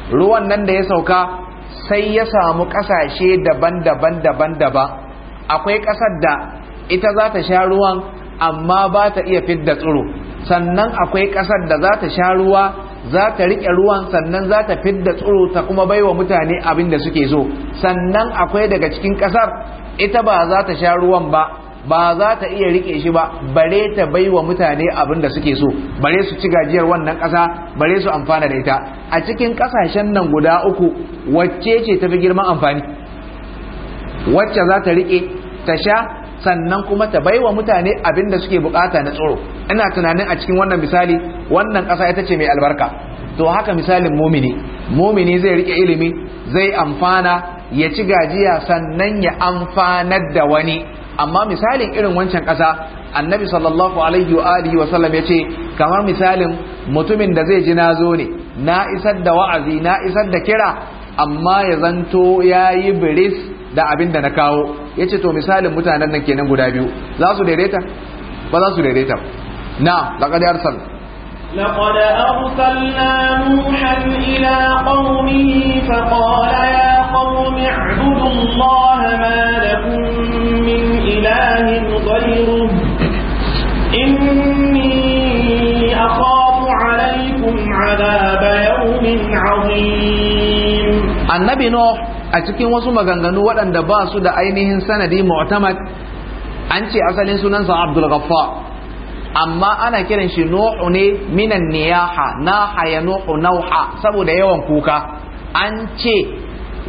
ruwan nan da ya sauka sai ya samu ƙasashe daban-daban daban-daban akwai ƙasar da ita za ta sha ruwan amma ba ta iya fidda tsuru sannan akwai ƙasar da za ta sha ruwa za ta riƙe ruwan sannan za ta fidda tsuru ta kuma baiwa mutane abin da suke so sannan akwai daga cikin ƙasar ita ba za ta sha ruwan ba ba za ta iya rike shi ba bare ta bai wa mutane abin da suke so bare su ci gajiyar wannan ƙasa bare su amfana da ita a cikin ƙasashen nan guda uku wacce ce ta fi girman amfani wacce za ta rike ta sha sannan kuma ta bai wa mutane abin da suke bukata na tsoro ina tunanin a cikin wannan misali wannan ƙasa ita ce mai albarka to haka misalin mumini mumini zai rike ilimi zai amfana ya ci gajiya sannan ya amfanar da wani amma misalin irin wancan ƙasa annabi sallallahu alaihi wa alihi wa sallam ya ce kamar misalin mutumin da zai ji na zo ne na isar da wa'azi na isar da kira amma ya zanto ya yi biris da abin da na kawo ya ce to misalin mutanen nan kenan guda biyu za su daidaita ba za su daidaita na laƙadi arsal لقد أرسلنا نوحا إلى قومه فقال يا قوم اعبدوا الله ما لكم إله غيره إني أخاف عليكم عذاب يوم عظيم النبي نوح a cikin wasu maganganu waɗanda ba su da ainihin sanadi mu'tamad an ce asalin sunansa Abdul Ghaffar amma ana kiran shi Nuhu ne minan niyaha na haya Nuhu nauha saboda yawan kuka an ce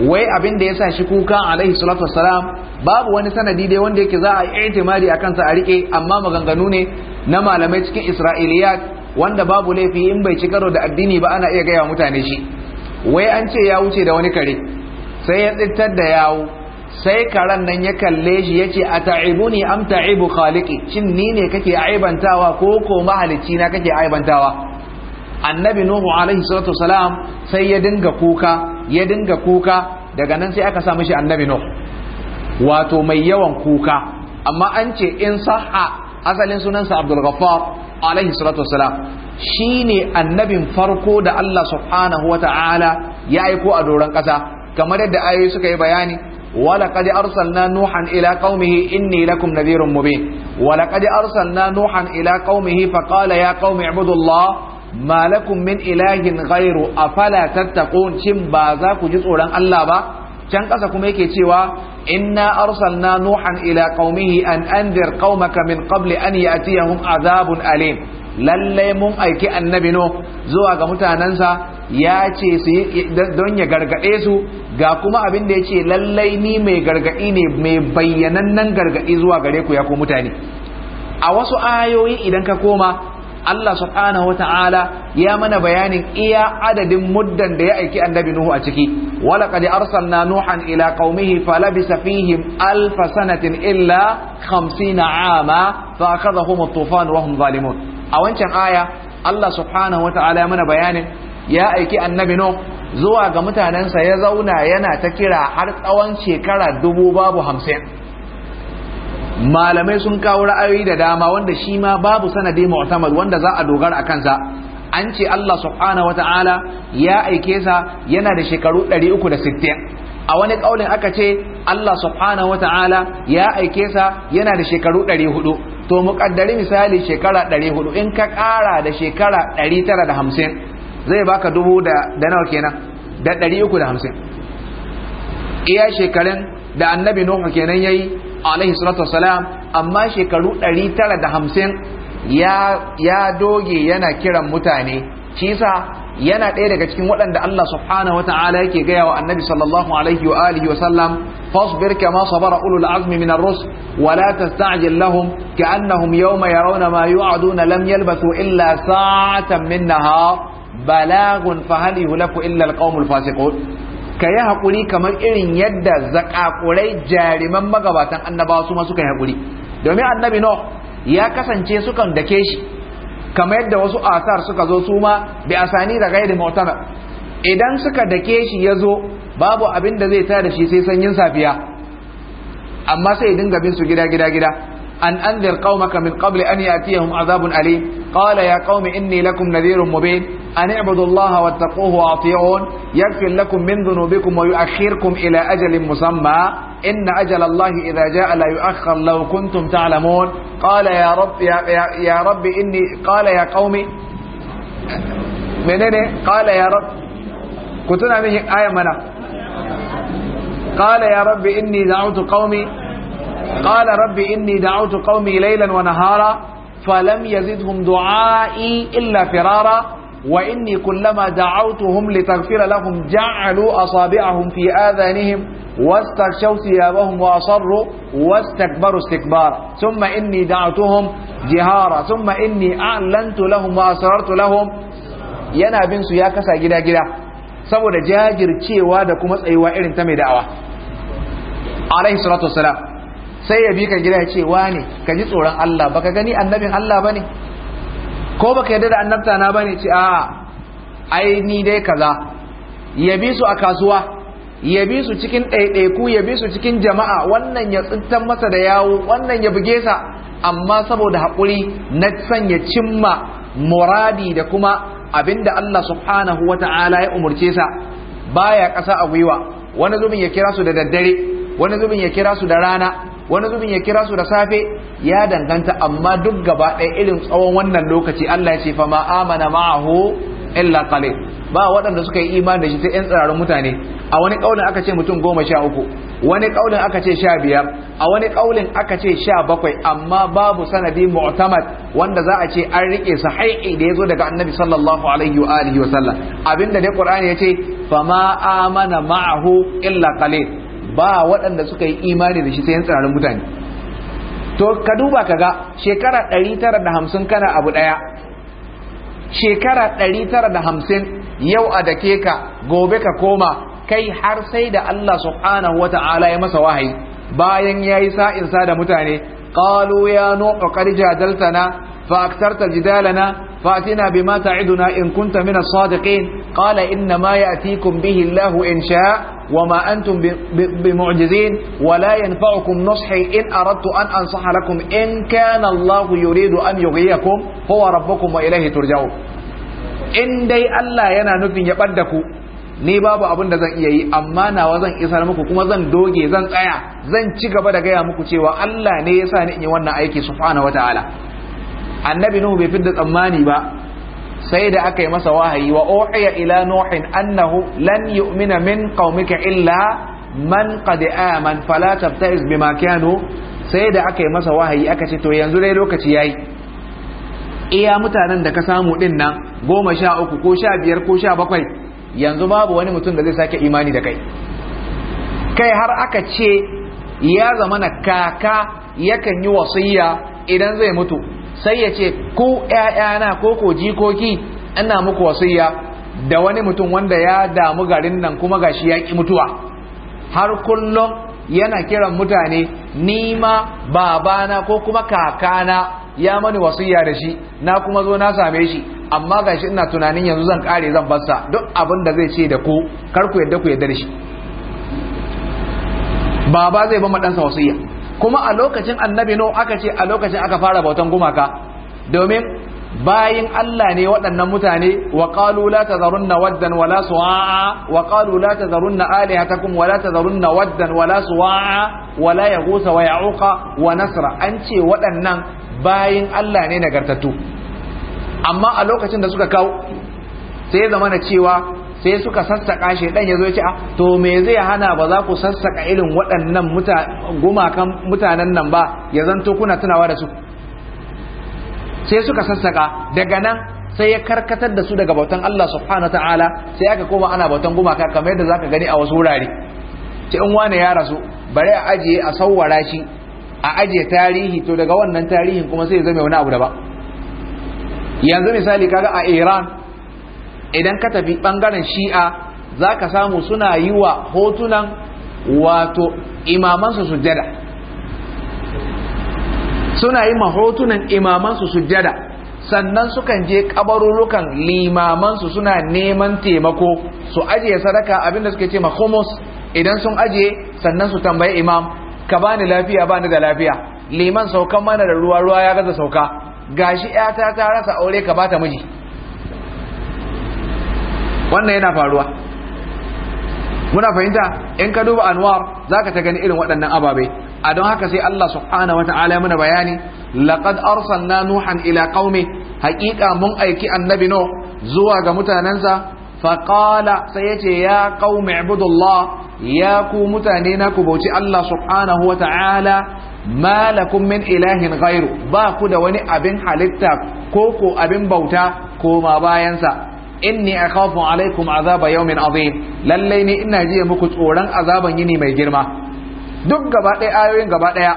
wai abin da sa shi kuka alaihi salatu wassalam babu wani sanadi dai wanda yake za a yi itimadi a kansa a rike amma maganganu ne na malamai cikin isra'iliyat wanda babu laifi in bai ci karo da addini ba ana iya gaya mutane shi wai an ce ya wuce da wani kare sai ya tsittar da yawo sai karen nan ya kalle shi ya ce a ta'ibu ne am ta'ibu khaliki shin ni ne kake aibantawa ko ko mahalicci na kake aibantawa annabi nuhu alaihi salatu wassalam sai ya dinga kuka ya dinga kuka daga nan sai aka sa shi annabi nuh wato mai yawan kuka amma an ce in saha asalin sunansa abdul ghaffar alaihi salatu wassalam shine annabin farko da Allah subhanahu wata'ala ya aiko a doron ƙasa kamar yadda ayoyi suka yi bayani ولقد أرسلنا نوحا إلى قومه إني لكم نذير مبين ولقد أرسلنا نوحا إلى قومه فقال يا قوم اعبدوا الله malakum min ilahin ghairu afala tattaqun cin ba za ku ji tsoron Allah ba can ƙasa kuma yake cewa inna arsalna nuhan ila qaumihi an anzir qaumaka min qabli an ya'tiyahum azabun alim lalle mun aiki annabi no zuwa ga mutanansa ya ce su don ya gargade su ga kuma abin da yace lalle ni mai gargadi ne mai bayyanannen gargadi zuwa gare ku ya ku mutane a wasu ayoyi idan ka koma Allah subhanahu ya mana bayanin iya adadin muddan da ya aiki annabi Nuhu a ciki wala qad arsalna nuhan ila qaumihi falabisa fihim alf sanatin illa 50 ama fa akhadhahum at-tufan wa hum zalimun a wancan aya Allah subhanahu ya mana bayanin ya aiki annabi nuhu zuwa ga mutanensa ya zauna yana ta kira har tsawon shekara dubu babu hamsin malamai sun kawo ra'ayoyi da dama wanda shi ma babu sanadi mu'tamad wanda za a dogara a kansa an ce Allah subhanahu wata'ala ya aike sa yana da shekaru 360 a wani kaulin aka ce Allah subhanahu wata'ala ya aike sa yana da shekaru 400 to muƙaddari misali shekara 400 in ka ƙara da shekara 950 zai baka dubu da nawa kenan da 350 iya shekarun da annabi Nuhu kenan yayi alaihi salatu wasalam amma shekaru 950 ya ya doge yana kiran mutane Cisa yana ɗaya daga cikin waɗanda Allah subhanahu wa ta'ala yake gaya wa annabi sallallahu alaihi wa alihi wa sallam fasbir kama sabara ulul azmi min ar-rusul wa la tasta'jil lahum ka'annahum yawma yarawna ma yu'aduna lam yalbasu illa sa'atan min nahar balagun fa hal yuhlaku illa al-qaumul fasiqun ka yi haƙuri kamar irin yadda zaƙaƙurai jariman magabatan annabawa su ma suka yi haƙuri domin annabi no ya kasance sukan dake shi kamar yadda wasu asar suka zo su ma bi asani da gairi mautana idan suka dake shi ya zo babu abin da zai da shi sai sanyin safiya amma sai dinga bin su gida gida gida أن أنذر قومك من قبل أن يأتيهم عذاب أليم قال يا قوم إني لكم نذير مبين أن اعبدوا الله واتقوه وأطيعون يغفر لكم من ذنوبكم ويؤخركم إلى أجل مسمى إن أجل الله إذا جاء لا يؤخر لو كنتم تعلمون قال يا رب يا, يا, يا رب إني قال يا قوم منين قال يا رب كنتنا به آية منا قال يا رب إني دعوت قومي Ƙala rabbi inni da'awtu qaumi laylan wa nahara falam yazidhum du'a'i illa firara wa inni kullama da'awtuhum litaghfira lahum ja'alu asabi'ahum fi adhanihim واستغشوا ثيابهم وأصروا واستكبروا استكبارا ثم إني دعوتهم جهارا ثم إني أعلنت لهم وأسررت لهم yana bin su ya kasa gida-gida saboda jajircewa da kuma tsayuwa irin ta mai da'awa alaihi salatu wassalam sai ya bi ka gida ya ce ne ka ji tsoron Allah Ba ka gani annabin Allah ba ne? ko baka yarda da annabta na bane ce a'a ai ni dai kaza ya bi su a kasuwa ya bi su cikin ɗaiɗaiku ya bi su cikin jama'a wannan ya tsintan masa da yawo wannan ya buge sa amma saboda haƙuri na san ya cimma muradi da kuma abinda Allah subhanahu wa ta'ala ya umurce sa baya ƙasa a gwiwa wani zubin ya kira su da daddare wani zubin ya kira su da rana wani zubin ya kira su da safe ya danganta amma duk gaba ɗaya irin tsawon wannan lokaci Allah ya ce fa ma ma'ahu illa qalil ba waɗanda suka yi imani da shi sai ƴan tsirarun mutane a wani ƙaunin aka ce mutum goma sha uku wani ƙaunin aka ce sha biyar a wani ƙaunin aka ce sha bakwai amma babu sanadi mu'tamad wanda za a ce an riƙe sahihi da ya zo daga annabi sallallahu alaihi wa alihi wa sallam abinda dai qur'ani ya ce fa amana ma'ahu illa qalil ba waɗanda suka yi imani da shi sai yan tsirarin mutane to ka duba ka ga shekara 950 kana abu ɗaya. shekara 950 yau a dake ka gobe ka koma kai har sai da Allah wata ala ya masa wahayi bayan yayi sa'in sa da mutane ƙalo ya nuqu qad jadaltana ta aktarta jidalana فأتنا بما تعدنا إن كنت من الصادقين قال إنما يأتيكم به الله إن شاء وما أنتم بمعجزين ولا ينفعكم نصحي إن أردت أن أنصح لكم إن كان الله يريد أن يغيكم هو ربكم وإليه ترجعون إن دي ألا ينا نفن يبدكوا ni babu abin da zan iya yi amma nawa zan isar muku kuma zan doge zan tsaya zan ci gaba da gaya muku cewa Allah ne ya sa ni in yi wannan aiki subhanahu wataala annabi nuhu bai fidda tsammani ba sai da aka yi masa wahayi wa uhiya ila nuhin annahu lan yu'mina min qaumika illa man qad aman fala tabta'iz bima kanu sai da aka yi masa wahayi aka ce to yanzu dai lokaci yayi iya mutanen da ka samu din nan goma sha uku ko sha biyar ko sha bakwai yanzu babu wani mutum da zai sake imani da kai kai har aka ce ya zama na kaka yakan yi wasiya idan zai mutu sai ya ce ku ƴaƴana ko ko jikoki ana muku wasiya da wani mutum wanda ya damu garin nan kuma gashi ya ki mutuwa har kullum yana kiran mutane nima babana ko kuma kakana ya mani wasiya da shi na kuma zo na same shi amma gashi ina tunanin yanzu zan kare zan barsa duk abin da zai ce da ku kar ku yadda ku yadda da shi baba zai ba madansa wasiya kuma a lokacin annabi no aka ce a lokacin aka fara bautan gumaka domin bayin Allah ne waɗannan mutane wa qalu la tazarunna waddan wala suwa'a wa qalu la tazarunna alihatakum wala tazarunna waddan wala suwa'a wala yaghusa wa ya'uqa wa nasra an ce waɗannan bayin Allah ne nagartattu amma a lokacin da suka kawo sai zama na cewa sai suka sassaka shi dan yazo ya ce ah, to me zai hana ba za ku sassaka irin waɗannan gumakan mutanen nan ba ya zanto kuna tunawa da su sai suka sassaka daga nan sai ya karkatar da su daga bautan Allah subhanahu ta'ala sai aka koma ana bautan gumaka kamar yadda zaka gani a wasu wurare ce in wane ya rasu bari a ajiye a sawwara shi a ajiye tarihi to daga wannan tarihin kuma sai ya zama wani abu da ba yanzu misali kaga a Iran idan ka tafi bangaren shi'a za ka samu suna yi wa hotunan wato imamansu sujada suna yi ma hotunan imamansu sujada sannan sukan je kabarurukan limamansu suna neman taimako su ajiye sadaka abinda suke ce ma hummus idan sun ajiye sannan su tambayi imam ka bani lafiya bani da lafiya liman saukan mana da ruwa ruwa ya gaza sauka gashi 'yata ta rasa aure ka bata miji wannan yana faruwa muna fahimta in ka duba anwar zaka ta gani irin waɗannan ababe a don haka sai Allah subhanahu wata'ala ya muna bayani laqad arsalna nuhan ila qaumi haqiqa mun aiki annabi no zuwa ga mutanansa fa qala sai yace ya qaumi ibudullah ya ku mutane na ku bauci Allah subhanahu wata'ala ma lakum min ilahin ghairu ba ku da wani abin halitta ko ko abin bauta ko ma bayansa inni akhafu alaikum azaba yawmin azim lallai ne ina jiya muku tsoron azaban yini mai girma duk gaba ɗaya ayoyin gaba ɗaya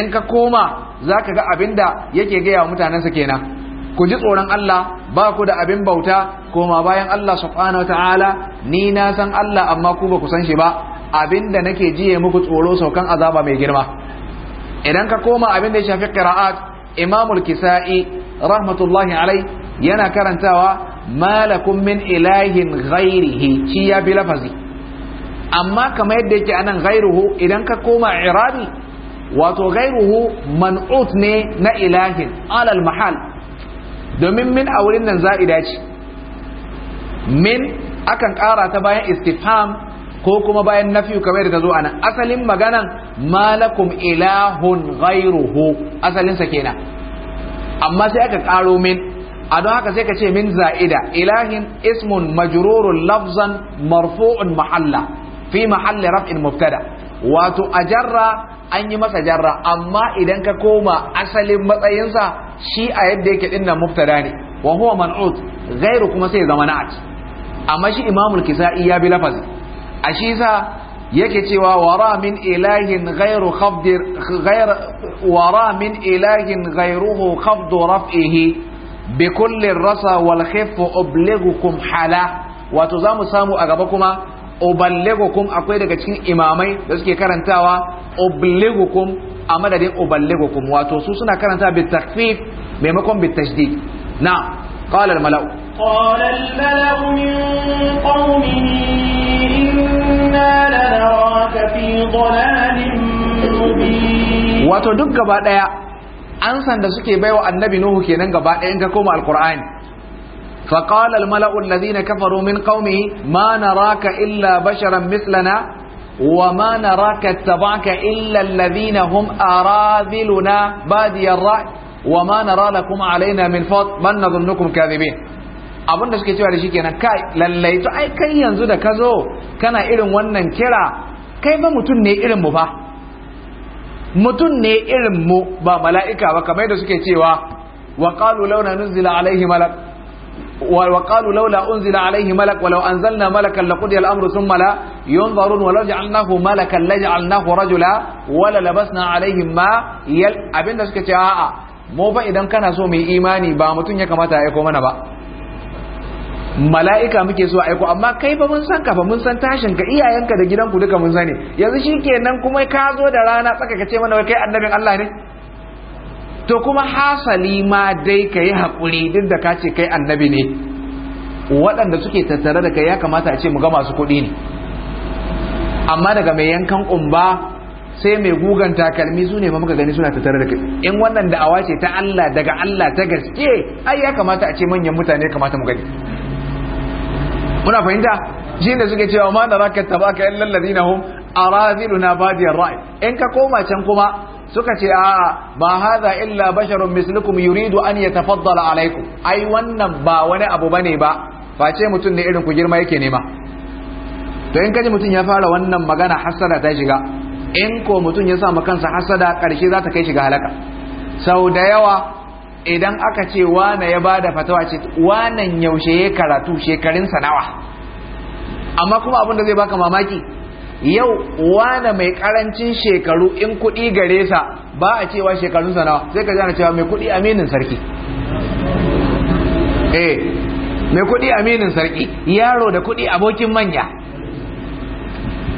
in ka koma zaka ga abinda yake gaya wa mutanensa kenan ku ji tsoron Allah ba ku da abin bauta koma bayan Allah subhanahu wataala ni na san Allah amma ku ba ku san shi ba abinda nake jiye muku tsoro saukan azaba mai girma idan ka koma abinda ya shafi qira'at imamul kisa'i rahmatullahi alai yana karantawa malakun min ilahin ghairihi shi ya bi lafazi amma kama yadda yake anan ghairuhu idan ka koma irabi wato ghairuhu man'ut ne na ilahin alal mahal domin min a wurin nan za'ida ce min akan ƙara ta bayan istifham ko kuma bayan nafiyu kamar da ta zo anan asalin maganan malakum ilahun ghairuhu asalinsa kenan amma sai aka ƙaro min a don haka sai ka ce min za'ida ilahin ismun majrurun lafzan marfu'un mahalla fi mahalli raf'in mubtada wato a jarra an yi masa jarra amma idan ka koma asalin matsayinsa shi a yadda yake dinnan mubtada ne wa huwa man'ut ghairu kuma sai zama na'at amma shi imamul kisa'i ya bi lafazi a shi sa yake cewa wara min ilahin ghairu khafdir ghair wara min ilahin ghairuhu khafdu raf'ihi bi kulli rasa wal khiff ublighukum hala wato zamu samu a gaba kuma uballighukum akwai daga cikin imamai da suke karantawa ublighukum a madadin uballighukum wato su suna karanta bi takfif maimakon bi tashdid na qala al mala'u qala al mala'u min qaumihi inna lanaraka fi dhalalin mubin wato duk gaba daya ansan da suke baiwa annabi nuhu kenan gaba ɗaya in ka koma alqur'ani fa qala al mala'u alladhina kafaru min qaumihi ma naraka illa basharan mithlana وما نراك اتبعك إلا الذين هم أراذلنا بادي الرأي وما نرى لكم علينا من فضل من نظنكم كاذبين abin da suke cewa da shi kenan kai lallai to ai kai yanzu da ka zo kana irin wannan kira kai ba mutum ne irin mu fa mutum ne irin mu ba mala'ika ba kamar da suke cewa wa qalu launa alaihi unzila alaihi malak walau anzalna malakan laqudiya al-amru sun la yunzarun walau ja'alnahu malakan laj'alnahu rajula wala na alaihim ma yal abinda suke cewa a'a mu ba idan kana so mu imani ba mutum ya kamata ya aiko mana ba mala'ika muke so aiko amma kai fa mun san ka mun san tashin ka iyayenka da gidanku duka mun sani yanzu shikenan kuma ka zo da rana tsaka ka ce mana wai kai annabin Allah ne to kuma hasali ma dai ka yi haƙuri duk da ka ce kai annabi ne waɗanda suke tattare da kai ya kamata a ce mu ga masu kuɗi ne amma daga mai yankan ƙumba sai mai gugan takalmi su ne muka gani suna tattare da kai in wannan da'awa ce ta Allah daga Allah ta gaske ai ya kamata a ce manyan mutane kamata mu gani muna fahimta shi da suke cewa ma na raka a illal ladina ba na badiyar ra'i in ka koma can kuma suka ce a ba haza illa basharun mislukum yuridu an yatafaddala alaiku. ai wannan ba wani abu bane ba face mutum ne irin ku girma yake nema to in kaji mutum ya fara wannan magana hasada ta shiga in ko mutum ya sa kansa hasada karshe za ta kai shiga halaka sau da yawa idan aka ce wane ya bada fatawa ce wanan yaushe ya karatu shekarunsa nawa amma kuma abin da zai baka mamaki yau wane mai karancin shekaru in kuɗi gare sa ba a cewa shekarunsa nawa sai ka jana cewa mai kuɗi aminin sarki eh mai kuɗi aminin sarki yaro da kuɗi abokin manya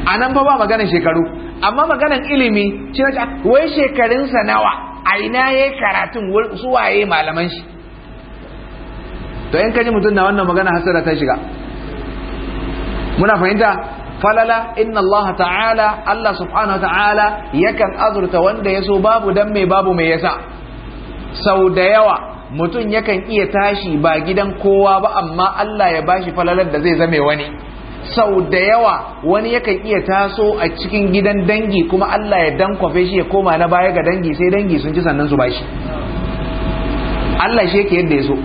a nan fa ba maganar shekaru amma maganar ilimi shi wai shekarunsa nawa a ina ya yi karatun su waye malaman shi to in kaji mutum na wannan magana hasara ta shiga muna fahimta falala inna Allah ta'ala Allah subhanahu wa ta'ala yakan azurta wanda ya so babu dan mai babu mai yasa sau da yawa mutum yakan iya tashi ba gidan kowa ba amma Allah ya bashi falalar da zai zame wani sau da yawa wani yakan iya taso a cikin gidan dangi kuma Allah ya kwafe shi ya koma na baya ga dangi sai dangi sun ci sannan su bashi Allah shi yake yadda ya so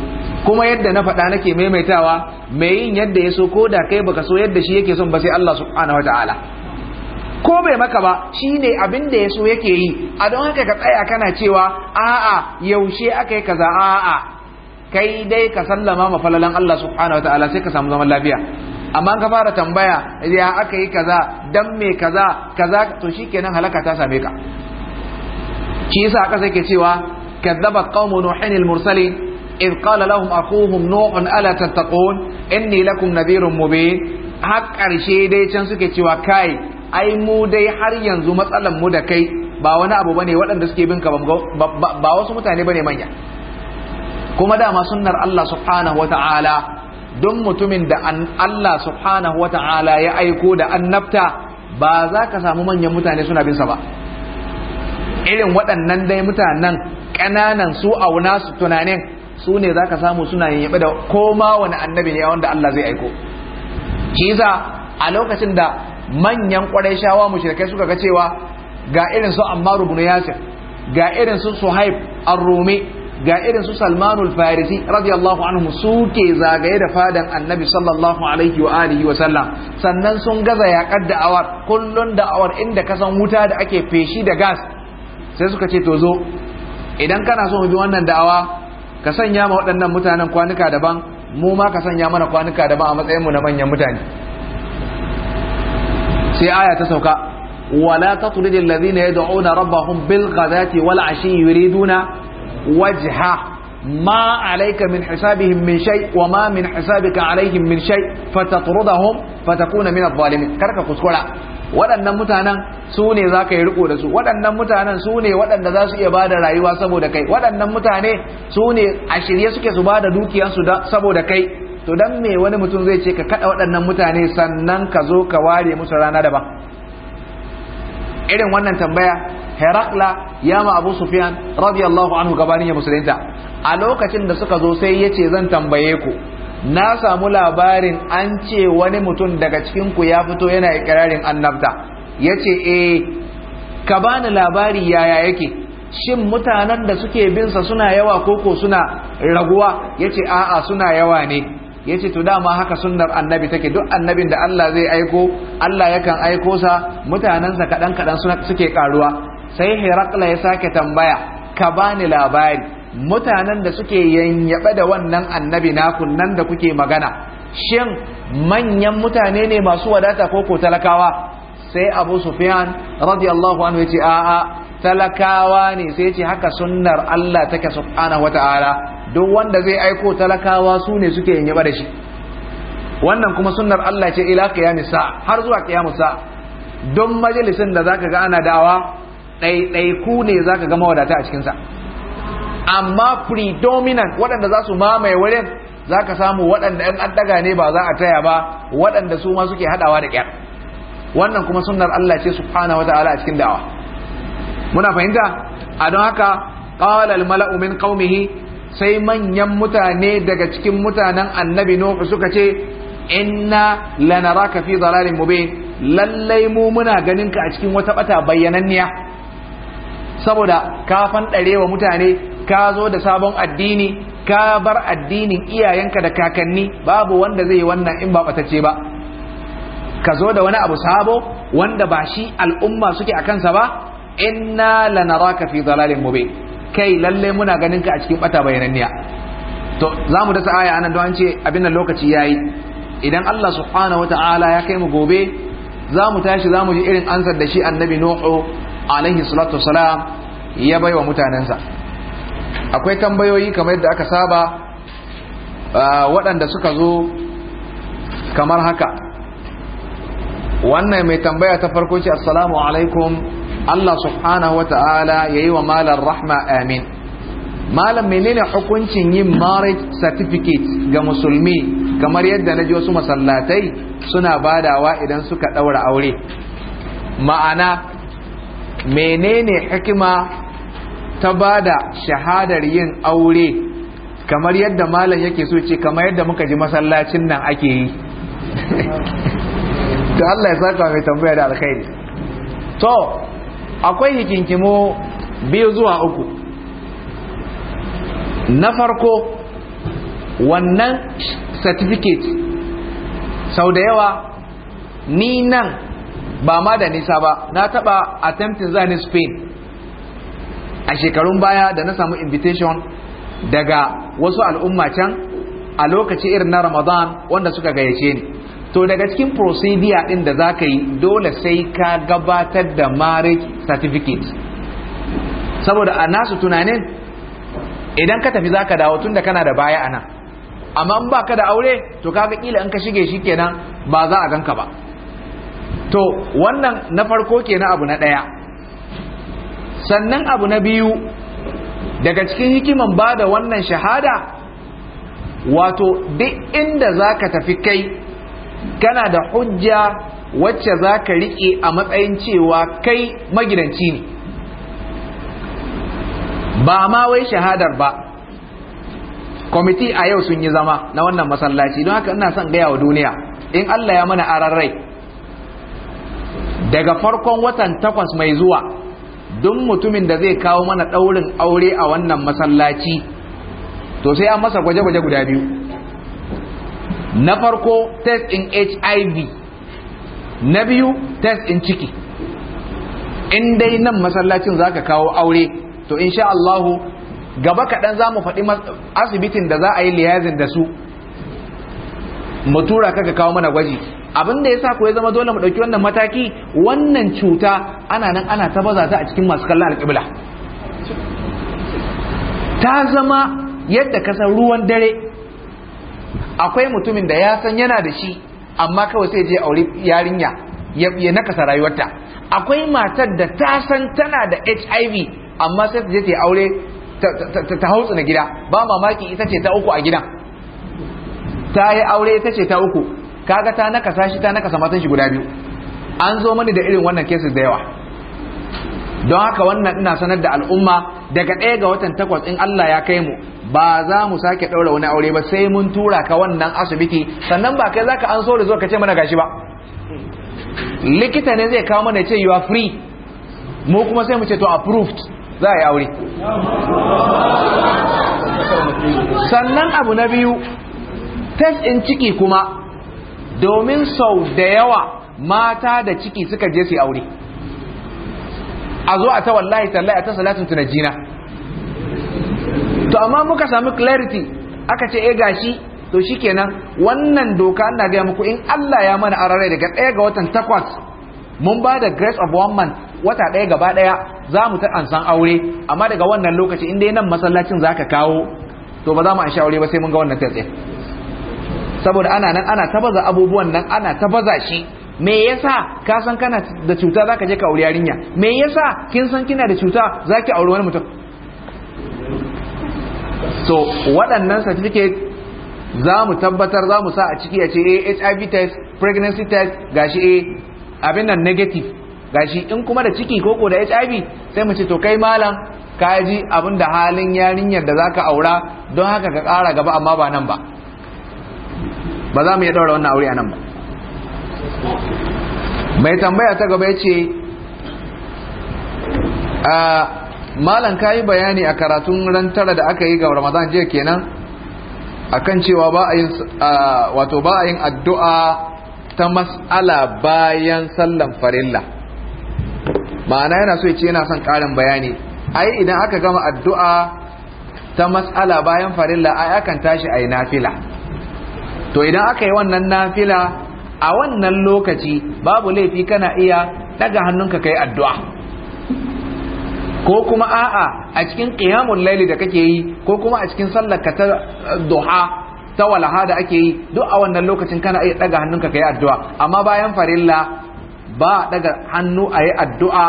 kuma yadda na faɗa nake maimaitawa mai yin yadda ya so ko da kai baka so yadda shi yake son ba sai Allah subhanahu wataala ko bai maka ba shi ne abin da ya so yake yi a don haka ka tsaya kana cewa a'a yaushe aka yi kaza a'a kai dai ka sallama mafalalan Allah subhanahu wataala sai ka samu zaman lafiya amma ka fara tambaya ya aka yi kaza dan me kaza kaza to shikenan halaka ta same ka ki yasa aka sake cewa kadzabat qaumu nuhin al-mursalin idh qala lahum akuhum nuhun ala tattaqun inni lakum nadhirun mubin har ƙarshe dai can suke cewa kai ai mu dai har yanzu matsalan mu da kai ba wani abu bane waɗanda suke bin ka ba wasu mutane bane manya kuma dama sunnar Allah subhanahu wata'ala don mutumin da Allah subhanahu wa ta'ala ya aiko da annabta ba za ka samu manyan mutane suna binsa ba irin waɗannan dai mutanen ƙananan su auna su tunanin su ne za ka samu suna yayyabe da koma wani annabi ne wanda Allah zai aiko Kisa a lokacin da manyan ƙwarai shawa mushrikai suka ga cewa ga irin su Ammar ibn Yasir ga irin su Suhaib ar-Rumi ga irin su salmanul farisi radiyallahu anhu ke zagaye da fadan annabi sallallahu alaihi wa alihi wa sallam sannan sun gaza yaƙar da'awar kullun da'awar inda ka san wuta da ake feshi da gas sai suka ce to zo idan kana so mu bi wannan da'awa ka sanya ma waɗannan mutanen kwanuka daban mu ma ka sanya mana kwanuka daban a matsayin mu na manyan mutane sai aya ta sauka wala ولا تطرد الذين يدعون ربهم بالغداة والعشي يريدون wajha ma عليك من حسابهم من شيء وما من حسابك عليهم من شيء فتطردهم min من الظالمين كركا kuskura. waɗannan mutanen su ne za ka yi riko da su waɗannan mutanen su ne waɗanda za su iya ba da rayuwa saboda kai waɗannan mutane su ne a shirye suke su ba da dukiyarsu saboda kai to dan me wani mutum zai ce ka kaɗa waɗannan mutane sannan ka zo ka ware musu rana daban irin wannan tambaya herakla ya ma abu sufiyan radiyallahu anhu gabanin ya musulunta a lokacin da suka zo sai ya ce zan tambaye ku na samu labarin an ce wani mutum daga cikin ku ya fito yana ikirarin annabta ya ce eh ka bani labari yaya yake shin mutanen da suke binsa suna yawa koko suna raguwa ya ce a'a suna yawa ne ya ce to dama haka sunnar annabi take duk annabin da Allah zai aiko Allah yakan aiko sa mutanensa kaɗan kaɗan suke ƙaruwa sai Herakla ya sake tambaya ka bani labari mutanen da suke yanyaɓe da wannan annabi naku nan da kuke magana shin manyan mutane ne masu wadata ko ko talakawa sai abu sufyan radiyallahu anhu ya ce a'a talakawa ne sai ce haka sunnar Allah take subhanahu wata'ala duk wanda zai aiko talakawa su ne suke yin yaba da shi wannan kuma sunnar Allah ce ila qiyamis har zuwa qiyamus sa don majalisin da zaka ga ana dawa ɗaiɗaiku ne zaka ga mawadata a cikin amma predominant waɗanda za su mamaye wurin zaka samu waɗanda ɗan addaga ne ba za a taya ba waɗanda su ma suke haɗawa da ƙyar. wannan kuma sunnar Allah ce subhanahu wataala a cikin da'awa muna fahimta a don haka qala al mala'u min qaumihi sai manyan mutane daga cikin mutanen annabi nuhu suka ce inna lanaraka fi dalalin mubin lallai mu muna ganin ka a cikin wata bata bayyananniya saboda ka fanɗarewa mutane ka zo da sabon addini ka bar addinin iyayenka da kakanni babu wanda zai yi wannan in ba batace ba ka zo da wani abu sabo wanda ba shi al'umma suke a kansa ba inna lanaraka fi dalalin mubin kai lalle muna ganin ka a cikin bata bayananniya to za mu dasa aya anan don ce abin nan lokaci yayi idan Allah subhanahu wata'ala ya kai mu gobe za mu tashi za mu ji irin ansar da shi annabi nuhu alaihi salatu wasalam ya bai wa mutanensa akwai tambayoyi kamar yadda aka saba waɗanda suka zo kamar haka wannan mai tambaya ta farko ce assalamu alaikum Allah subhanahu wa ta'ala ya yi wa malar rahma amin malam menene hukuncin yin marriage certificate ga musulmi kamar yadda na ji wasu masallatai suna badawa idan suka ɗaura aure ma'ana menene hikima ta bada shahadar yin aure kamar yadda malam yake so ce kamar yadda muka ji masallacin nan ake yi to Allah ya saka mai tambaya da alkhairi to akwai hikinkimo biyu zuwa uku na farko wannan certificate sau da yawa ni nan ba ma da nisa ba na taba attempting zani spain a shekarun baya da na samu invitation daga wasu al'umma can a lokaci irin na ramadan wanda suka gayyace ni to daga cikin procedure din da za ka yi dole sai ka gabatar da marriage certificate saboda a nasu tunanin idan ka tafi za ka dawo tun da kana da baya anan amma ba ka da aure to kaga kila in ka shige shi kenan ba za a ganka ba to wannan na farko kenan abu na ɗaya sannan abu na biyu daga cikin hikiman ba da wannan shahada wato duk inda za ka tafi kai kana da hujja wacce za ka riƙe a matsayin cewa kai magidanci ne ba ma wai shahadar ba kwamiti a yau sun yi zama na wannan masallaci don haka ina son gaya wa duniya in Allah ya mana aran rai daga farkon watan takwas mai zuwa duk mutumin da zai kawo mana ɗaurin aure a wannan masallaci to sai an masa gwaje-gwaje guda biyu na farko test in hiv na biyu test in ciki in dai nan masallacin zaka kawo aure to insha Allahu gaba kaɗan za mu faɗi asibitin da za a yi liyazin da su mutura tura ka kawo mana gwaji abin da ya sa ko ya zama dole mu ɗauki wannan mataki wannan cuta ana nan ana ta baza ta a cikin masu kallon alƙibla ta zama yadda kasan ruwan dare akwai mutumin da ya san yana da shi amma kawai sai je aure yarinya ya nakasa rayuwarta akwai matar da ta san tana da HIV amma sai ta je ta aure ta hautsu na gida ba mamaki ita ce ta uku a gidan ta yi aure ita ce ta uku kaga ta nakasa shi ta nakasa matan shi guda biyu an zo mani da irin wannan kesu da yawa don haka wannan ina sanar da al'umma daga ɗaya ga watan takwas in Allah ya kai mu ba za mu sake ɗaura wani aure ba sai mun tura ka wannan asibiti sannan ba kai zaka an so da zo ka ce mana gashi ba likita ne zai kawo mana ce you are free mu kuma sai mu ce to approved za a yi aure sannan abu na biyu test in ciki kuma domin sau da yawa mata da ciki suka je su aure a zo a ta wallahi tallai a ta salatin tunajina to amma muka samu clarity aka ce eh gashi to shikenan wannan doka ina ga muku in Allah ya mana arare daga daya ga watan takwas mun ba da grace of one month wata daya gaba daya za mu ta ansan aure amma daga wannan lokaci in dai nan masallacin zaka kawo to ba za mu an aure ba sai mun ga wannan tsaye saboda ana nan ana tabaza abubuwan nan ana tabaza shi me yasa ka san kana da cuta zaka je ka aure yarinya me yasa kin san kina da cuta zaki aure wani mutum so waɗannan certificate za mu tabbatar za mu sa a ciki a ce hiv eh, test pregnancy test gashi A eh, abin nan negative gashi in kuma da ciki koko da hiv sai mu ce to kai malam ka ji abin da halin yarinyar da za ka aura don haka ka ƙara gaba amma ba nan ba ba za mu iya ɗaura wannan aure a nan ba mai tambaya ta gaba ya ce ah, malam kayi bayani a karatun ran tara da aka yi ga ramadan jiya kenan kan cewa ba a yin wato ba a yin addu'a ta mas'ala bayan sallan farilla ma'ana yana so ya ce yana son karin bayani ai idan aka gama addu'a ta mas'ala bayan farilla ai akan tashi ai nafila to idan aka yi wannan nafila a wannan lokaci babu laifi kana iya daga hannunka kai addu'a ko kuma a'a a cikin qiyamul laili da kake yi ko kuma a cikin sallar ka ta eh, duha ta walaha da ake yi duk a wannan lokacin kana iya daga hannunka kai addu'a amma bayan farilla ba daga hannu a yi addu'a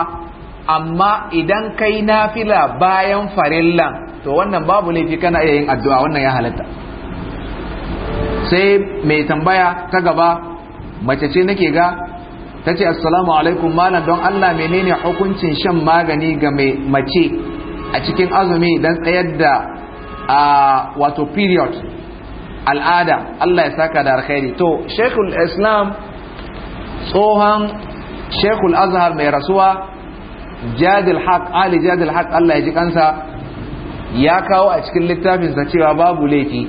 amma idan kai fila bayan farillan to wannan babu laifi kana iya yin addu'a wannan ya halatta sai mai tambaya ta gaba mace ce nake ga ta ce assalamu alaikum malam don allah menene hukuncin shan magani ga mai mace a cikin azumi don tsayar da a wato period al'ada allah ya saka da alkhairi to shekul islam tsohon shekul azhar mai rasuwa jadil haq ali jadil haq allah ya ji kansa ya kawo a cikin littafinsa cewa babu laifi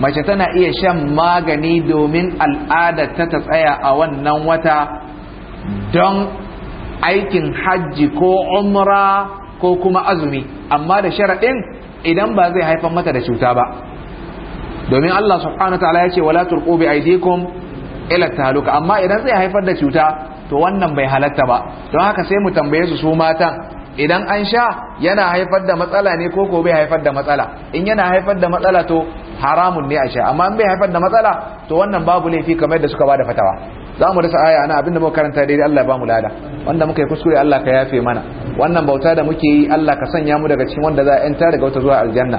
mace tana iya shan magani domin al'ada ta ta tsaya a wannan wata don aikin hajji ko umra ko kuma azumi amma da sharaɗin idan ba zai haifar mata da cuta ba domin Allah subhanahu ta'ala ya ce wala turqu bi aydikum ila taluka amma idan zai haifar da cuta to wannan bai halatta ba don haka sai mu tambaye su su matan idan an sha yana haifar da matsala ne ko ko bai haifar da matsala in yana haifar da matsala to haramun ne a sha amma in bai haifar da matsala to wannan babu laifi kamar da suka ba da fatawa za mu rasa aya na abinda muka karanta daidai Allah ba mu lada wanda muka yi kuskure Allah ka yafe mana wannan bauta da muke yi Allah ka sanya mu daga cikin wanda za a yanta daga wata zuwa aljanna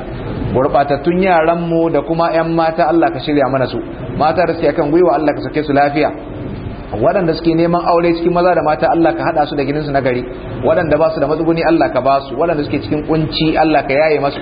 gurbatattun yaran mu da kuma yan mata Allah ka shirya mana su mata da suke akan gwiwa Allah ka sake su lafiya waɗanda suke neman aure cikin maza da mata Allah ka haɗa su da gininsu na gari waɗanda ba su da matsuguni Allah ka ba su waɗanda suke cikin kunci Allah ka yaye masu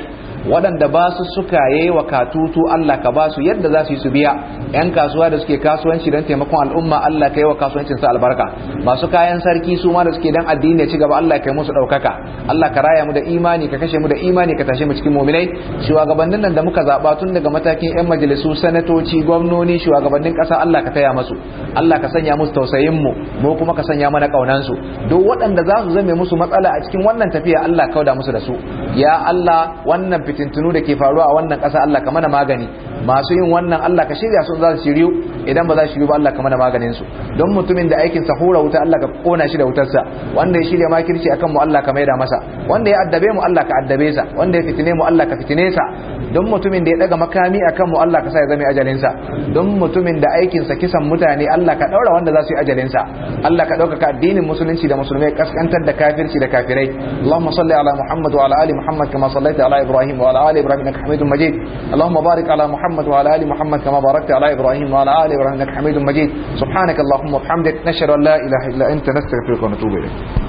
waɗanda ba su suka yi wa katutu Allah ka ba su yadda za su yi su biya yan kasuwa da suke kasuwanci don taimakon al'umma Allah ka yi wa kasuwancin sa albarka masu kayan sarki su ma da suke dan addini ya ci gaba Allah ka yi musu ɗaukaka Allah ka raya mu da imani ka kashe mu da imani ka tashe mu cikin muminai shugabannin nan da muka zaɓa tun daga matakin yan majalisu sanatoci gwamnoni shugabannin ƙasa Allah ka taya masu Allah ka sanya musu tausayin mu mu kuma ka sanya mana kaunan su duk waɗanda za su zame musu matsala a cikin wannan tafiya Allah kauda musu da su ya Allah wannan fitintunu da ke faruwa a wannan ƙasa Allah ka mana magani masu yin wannan Allah ka shirya su za su shiryu idan ba za su shiryu ba Allah ka mana maganin su don mutumin da aikin sa hura wuta Allah ka kona shi da wutar sa wanda ya shirya makirci akan mu Allah ka maida masa wanda ya addabe mu Allah ka addabe sa wanda ya fitine mu Allah ka fitine sa don mutumin da ya daga makami akan mu Allah ka sa ya zama ajalin sa don mutumin da aikin sa kisan mutane Allah ka daura wanda za su yi ajalin sa Allah ka dauka addinin musulunci da musulmai kaskantar da kafirci da kafirai Allahumma salli ala Muhammad wa ala ali Muhammad kama sallaita ala Ibrahim wa ala ali Ibrahim innaka Hamidum Majid Allahumma barik ala Muhammad محمد وعلى ال محمد كما باركت على ابراهيم وعلى ال ابراهيم انك حميد مجيد سبحانك اللهم وبحمدك نشهد ان لا اله الا انت نستغفرك ونتوب اليك